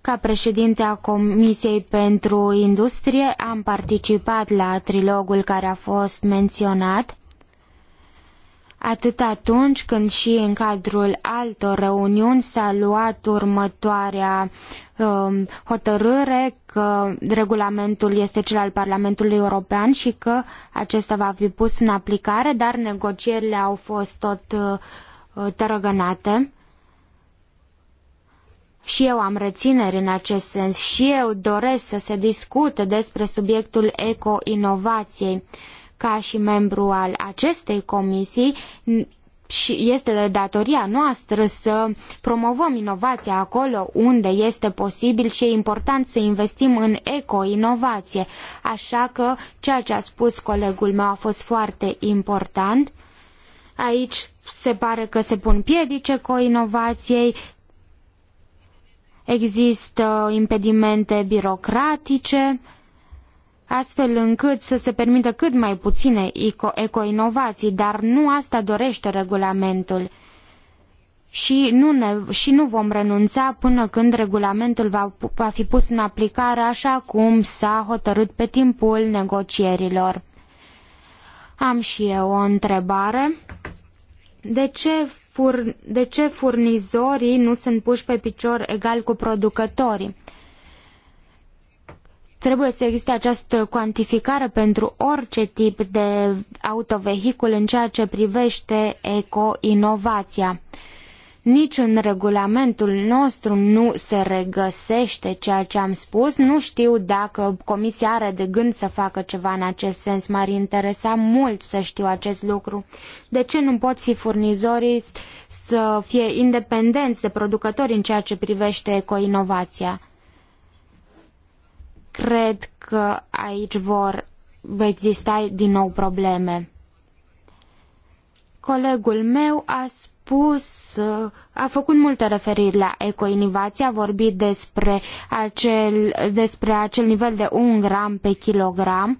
Ca președinte a Comisiei pentru Industrie am participat la trilogul care a fost menționat atât atunci când și în cadrul altor reuniuni s-a luat următoarea uh, hotărâre că regulamentul este cel al Parlamentului European și că acesta va fi pus în aplicare, dar negocierile au fost tot uh, tărăgănate. Și eu am rețineri în acest sens și eu doresc să se discute despre subiectul eco-inovației. Uh, ca și membru al acestei comisii, și este de datoria noastră să promovăm inovația acolo unde este posibil și e important să investim în eco-inovație. Așa că ceea ce a spus colegul meu a fost foarte important. Aici se pare că se pun piedice eco-inovației, există impedimente birocratice, astfel încât să se permită cât mai puține eco-inovații, dar nu asta dorește regulamentul. Și nu, ne, și nu vom renunța până când regulamentul va, va fi pus în aplicare așa cum s-a hotărât pe timpul negocierilor. Am și eu o întrebare. De ce, fur, de ce furnizorii nu sunt puși pe picior egal cu producătorii? Trebuie să existe această cuantificare pentru orice tip de autovehicul în ceea ce privește eco-inovația. Nici în regulamentul nostru nu se regăsește ceea ce am spus. Nu știu dacă Comisia are de gând să facă ceva în acest sens. M-ar interesa mult să știu acest lucru. De ce nu pot fi furnizorii să fie independenți de producători în ceea ce privește ecoinovația? cred că aici vor exista din nou probleme. Colegul meu a spus, a făcut multe referiri la ecoinovație, a vorbit despre acel, despre acel nivel de 1 gram pe kilogram,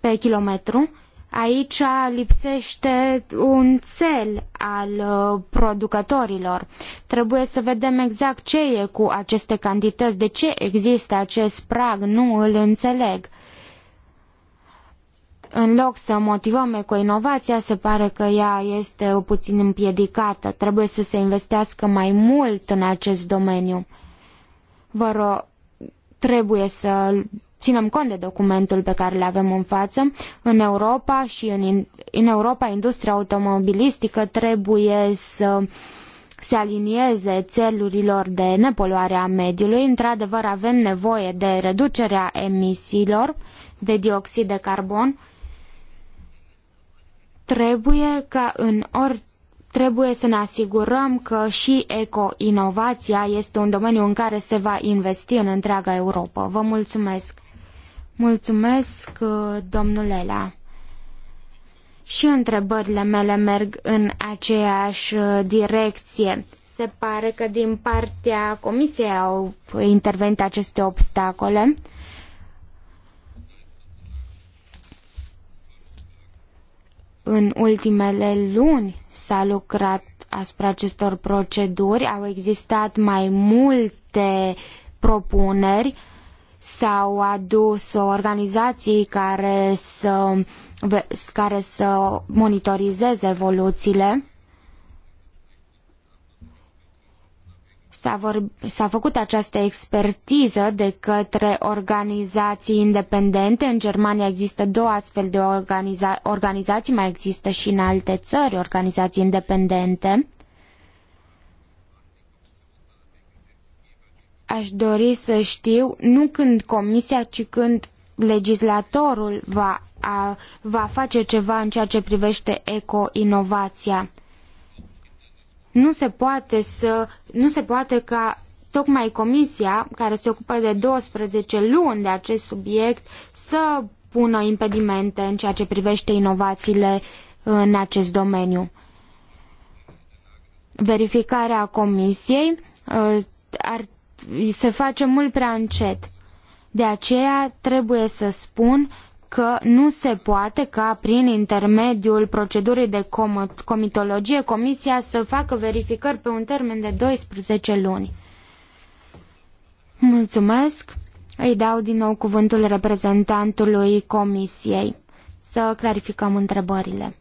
pe kilometru. Aici lipsește un cel al uh, producătorilor. Trebuie să vedem exact ce e cu aceste cantități, de ce există acest prag, nu îl înțeleg. În loc să motivăm ecoinovația, se pare că ea este puțin împiedicată. Trebuie să se investească mai mult în acest domeniu. Vă rog, trebuie să ținem cont de documentul pe care le avem în față. În Europa și în, în Europa industria automobilistică trebuie să se alinieze țelurilor de nepoluare a mediului. Într-adevăr, avem nevoie de reducerea emisiilor de dioxid de carbon. Trebuie ca în orice trebuie să ne asigurăm că și eco-inovația este un domeniu în care se va investi în întreaga Europa. Vă mulțumesc! Mulțumesc, domnulela. Și întrebările mele merg în aceeași uh, direcție. Se pare că din partea Comisiei au intervenit aceste obstacole. În ultimele luni s-a lucrat asupra acestor proceduri, au existat mai multe propuneri uh, s-au adus organizații care să, care să monitorizeze evoluțiile. S-a, vorb- făcut această expertiză de către organizații independente. În Germania există două astfel de organiza- organizații, mai există și în alte țări organizații independente. aș dori să știu nu când comisia, ci când legislatorul va, a, va face ceva în ceea ce privește eco-inovația. Nu se poate să, nu se poate ca tocmai comisia care se ocupă de 12 luni de acest subiect să pună impedimente în ceea ce privește inovațiile în acest domeniu. Verificarea comisiei uh, ar se face mult prea încet. De aceea trebuie să spun că nu se poate ca prin intermediul procedurii de comitologie Comisia să facă verificări pe un termen de 12 luni. Mulțumesc. Îi dau din nou cuvântul reprezentantului Comisiei să clarificăm întrebările.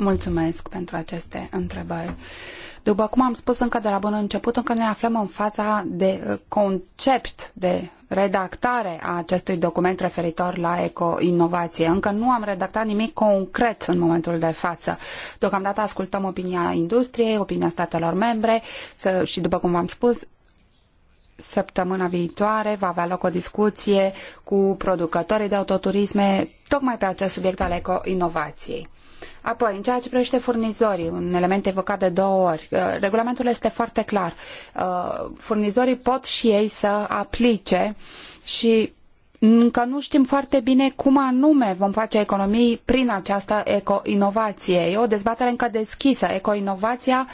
Mulțumesc pentru aceste întrebări. După cum am spus încă de la bun început, încă ne aflăm în faza de uh, concept, de redactare a acestui document referitor la ecoinovație. Încă nu am redactat nimic concret în momentul de față. Deocamdată ascultăm opinia industriei, opinia statelor membre și, după cum v-am spus, săptămâna viitoare va avea loc o discuție cu producătorii de autoturisme tocmai pe acest subiect al eco-inovației. Apoi, în ceea ce privește furnizorii, un element evocat de două ori, uh, regulamentul este foarte clar. Uh, furnizorii pot și ei să aplice și încă nu știm foarte bine cum anume vom face economii prin această ecoinovație. E o dezbatere încă deschisă. Ecoinovația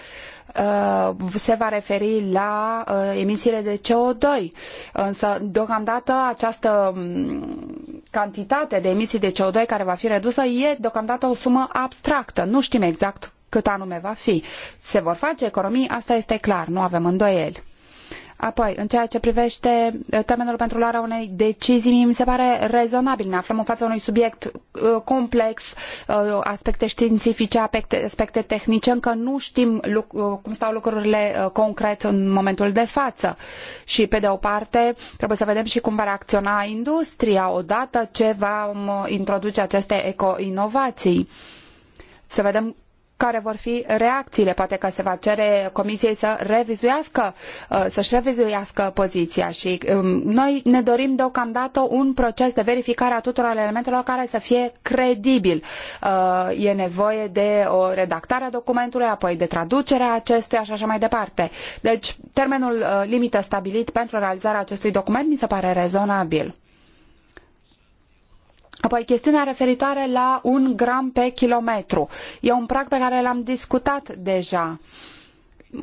Uh, se va referi la uh, emisiile de CO2. Însă, deocamdată, această um, cantitate de emisii de CO2 care va fi redusă e deocamdată o sumă abstractă. Nu știm exact cât anume va fi. Se vor face economii, asta este clar, nu avem îndoieli. Apoi, în ceea ce privește uh, termenul pentru luarea unei decizii, mi se pare rezonabil. Ne aflăm în fața unui subiect uh, complex, uh, aspecte științifice, aspecte tehnice, încă nu știm cum stau lucrurile concret în momentul de față. Și, pe de o parte, trebuie să vedem și cum va reacționa industria odată ce vom introduce aceste eco-inovații. Să vedem care vor fi reacțiile. Poate că se va cere Comisiei să revizuiască, uh, să-și revizuiască poziția și um, noi ne dorim deocamdată un proces de verificare a tuturor elementelor care să fie credibil. Uh, e nevoie de o redactare a documentului, apoi de traducerea acestuia și așa mai departe. Deci, termenul uh, limită stabilit pentru realizarea acestui document mi se pare rezonabil. Apoi, chestiunea referitoare la un gram pe kilometru. E un prag pe care l-am discutat deja.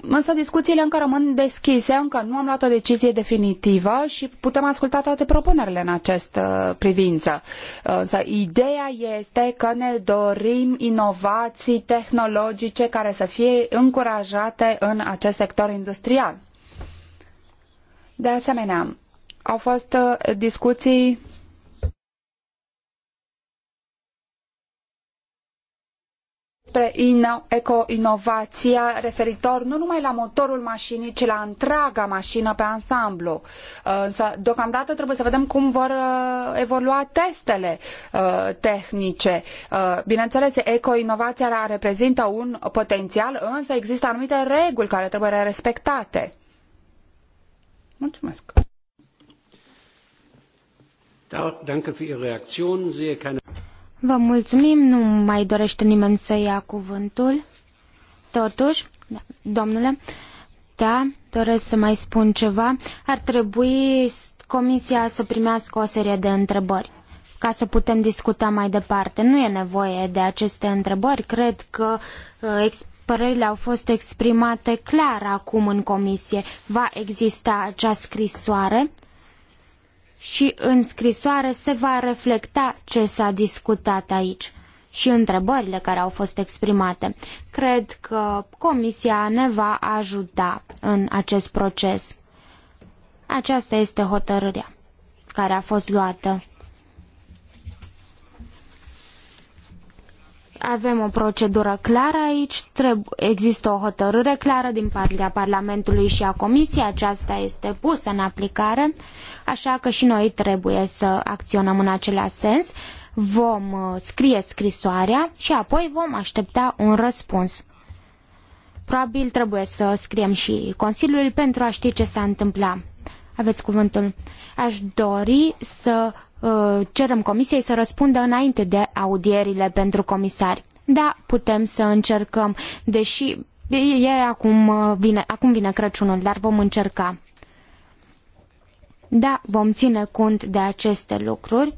Însă discuțiile încă rămân deschise, încă nu am luat o decizie definitivă și putem asculta toate propunerile în această uh, privință. Uh, însă ideea este că ne dorim inovații tehnologice care să fie încurajate în acest sector industrial. De asemenea, au fost uh, discuții despre eco ecoinovația referitor nu numai la motorul mașinii, ci la întreaga mașină pe ansamblu. Uh, însă, deocamdată trebuie să vedem cum vor uh, evolua testele uh, tehnice. Bineînțeles, ecoinovația reprezintă un potențial, însă există anumite reguli care trebuie respectate. Mulțumesc! Da, danke für Ihre Reaktion. Sehe keine Vă mulțumim, nu mai dorește nimeni să ia cuvântul. Totuși, domnule, da, doresc să mai spun ceva. Ar trebui comisia să primească o serie de întrebări ca să putem discuta mai departe. Nu e nevoie de aceste întrebări. Cred că uh, părerile au fost exprimate clar acum în comisie. Va exista acea scrisoare și în scrisoare se va reflecta ce s-a discutat aici și întrebările care au fost exprimate. Cred că Comisia ne va ajuta în acest proces. Aceasta este hotărârea care a fost luată. avem o procedură clară aici, există o hotărâre clară din partea Parlamentului și a Comisiei, aceasta este pusă în aplicare, așa că și noi trebuie să acționăm în același sens, vom uh, scrie scrisoarea și apoi vom aștepta un răspuns. Probabil trebuie să scriem și Consiliului pentru a ști ce s-a întâmplat. Aveți cuvântul. Aș dori să Uh, cerem comisiei să răspundă înainte de audierile pentru comisari. Da, putem să încercăm, deși e acum uh, vine, acum vine Crăciunul, dar vom încerca. Da, vom ține cont de aceste lucruri.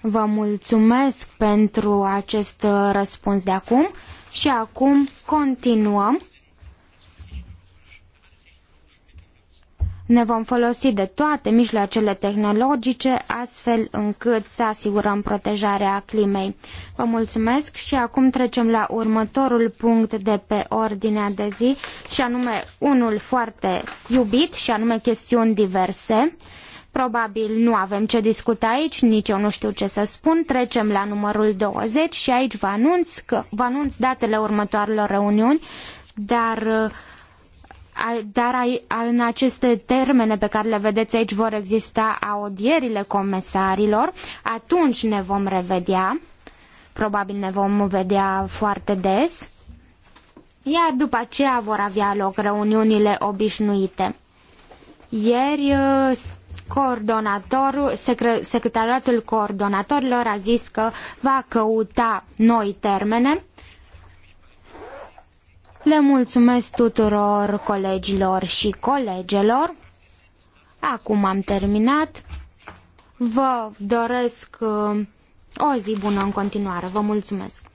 Vă mulțumesc pentru acest uh, răspuns de acum și acum continuăm Ne vom folosi de toate mijloacele tehnologice astfel încât să asigurăm protejarea climei. Vă mulțumesc și acum trecem la următorul punct de pe ordinea de zi și anume unul foarte iubit și anume chestiuni diverse. Probabil nu avem ce discuta aici, nici eu nu știu ce să spun. Trecem la numărul 20 și aici vă anunț, că, vă anunț datele următoarelor reuniuni, dar dar în aceste termene pe care le vedeți aici vor exista audierile comisarilor, atunci ne vom revedea, probabil ne vom vedea foarte des, iar după aceea vor avea loc reuniunile obișnuite. Ieri uh, coordonatorul, secretariatul coordonatorilor a zis că va căuta noi termene le mulțumesc tuturor colegilor și colegelor. Acum am terminat. Vă doresc uh, o zi bună în continuare. Vă mulțumesc!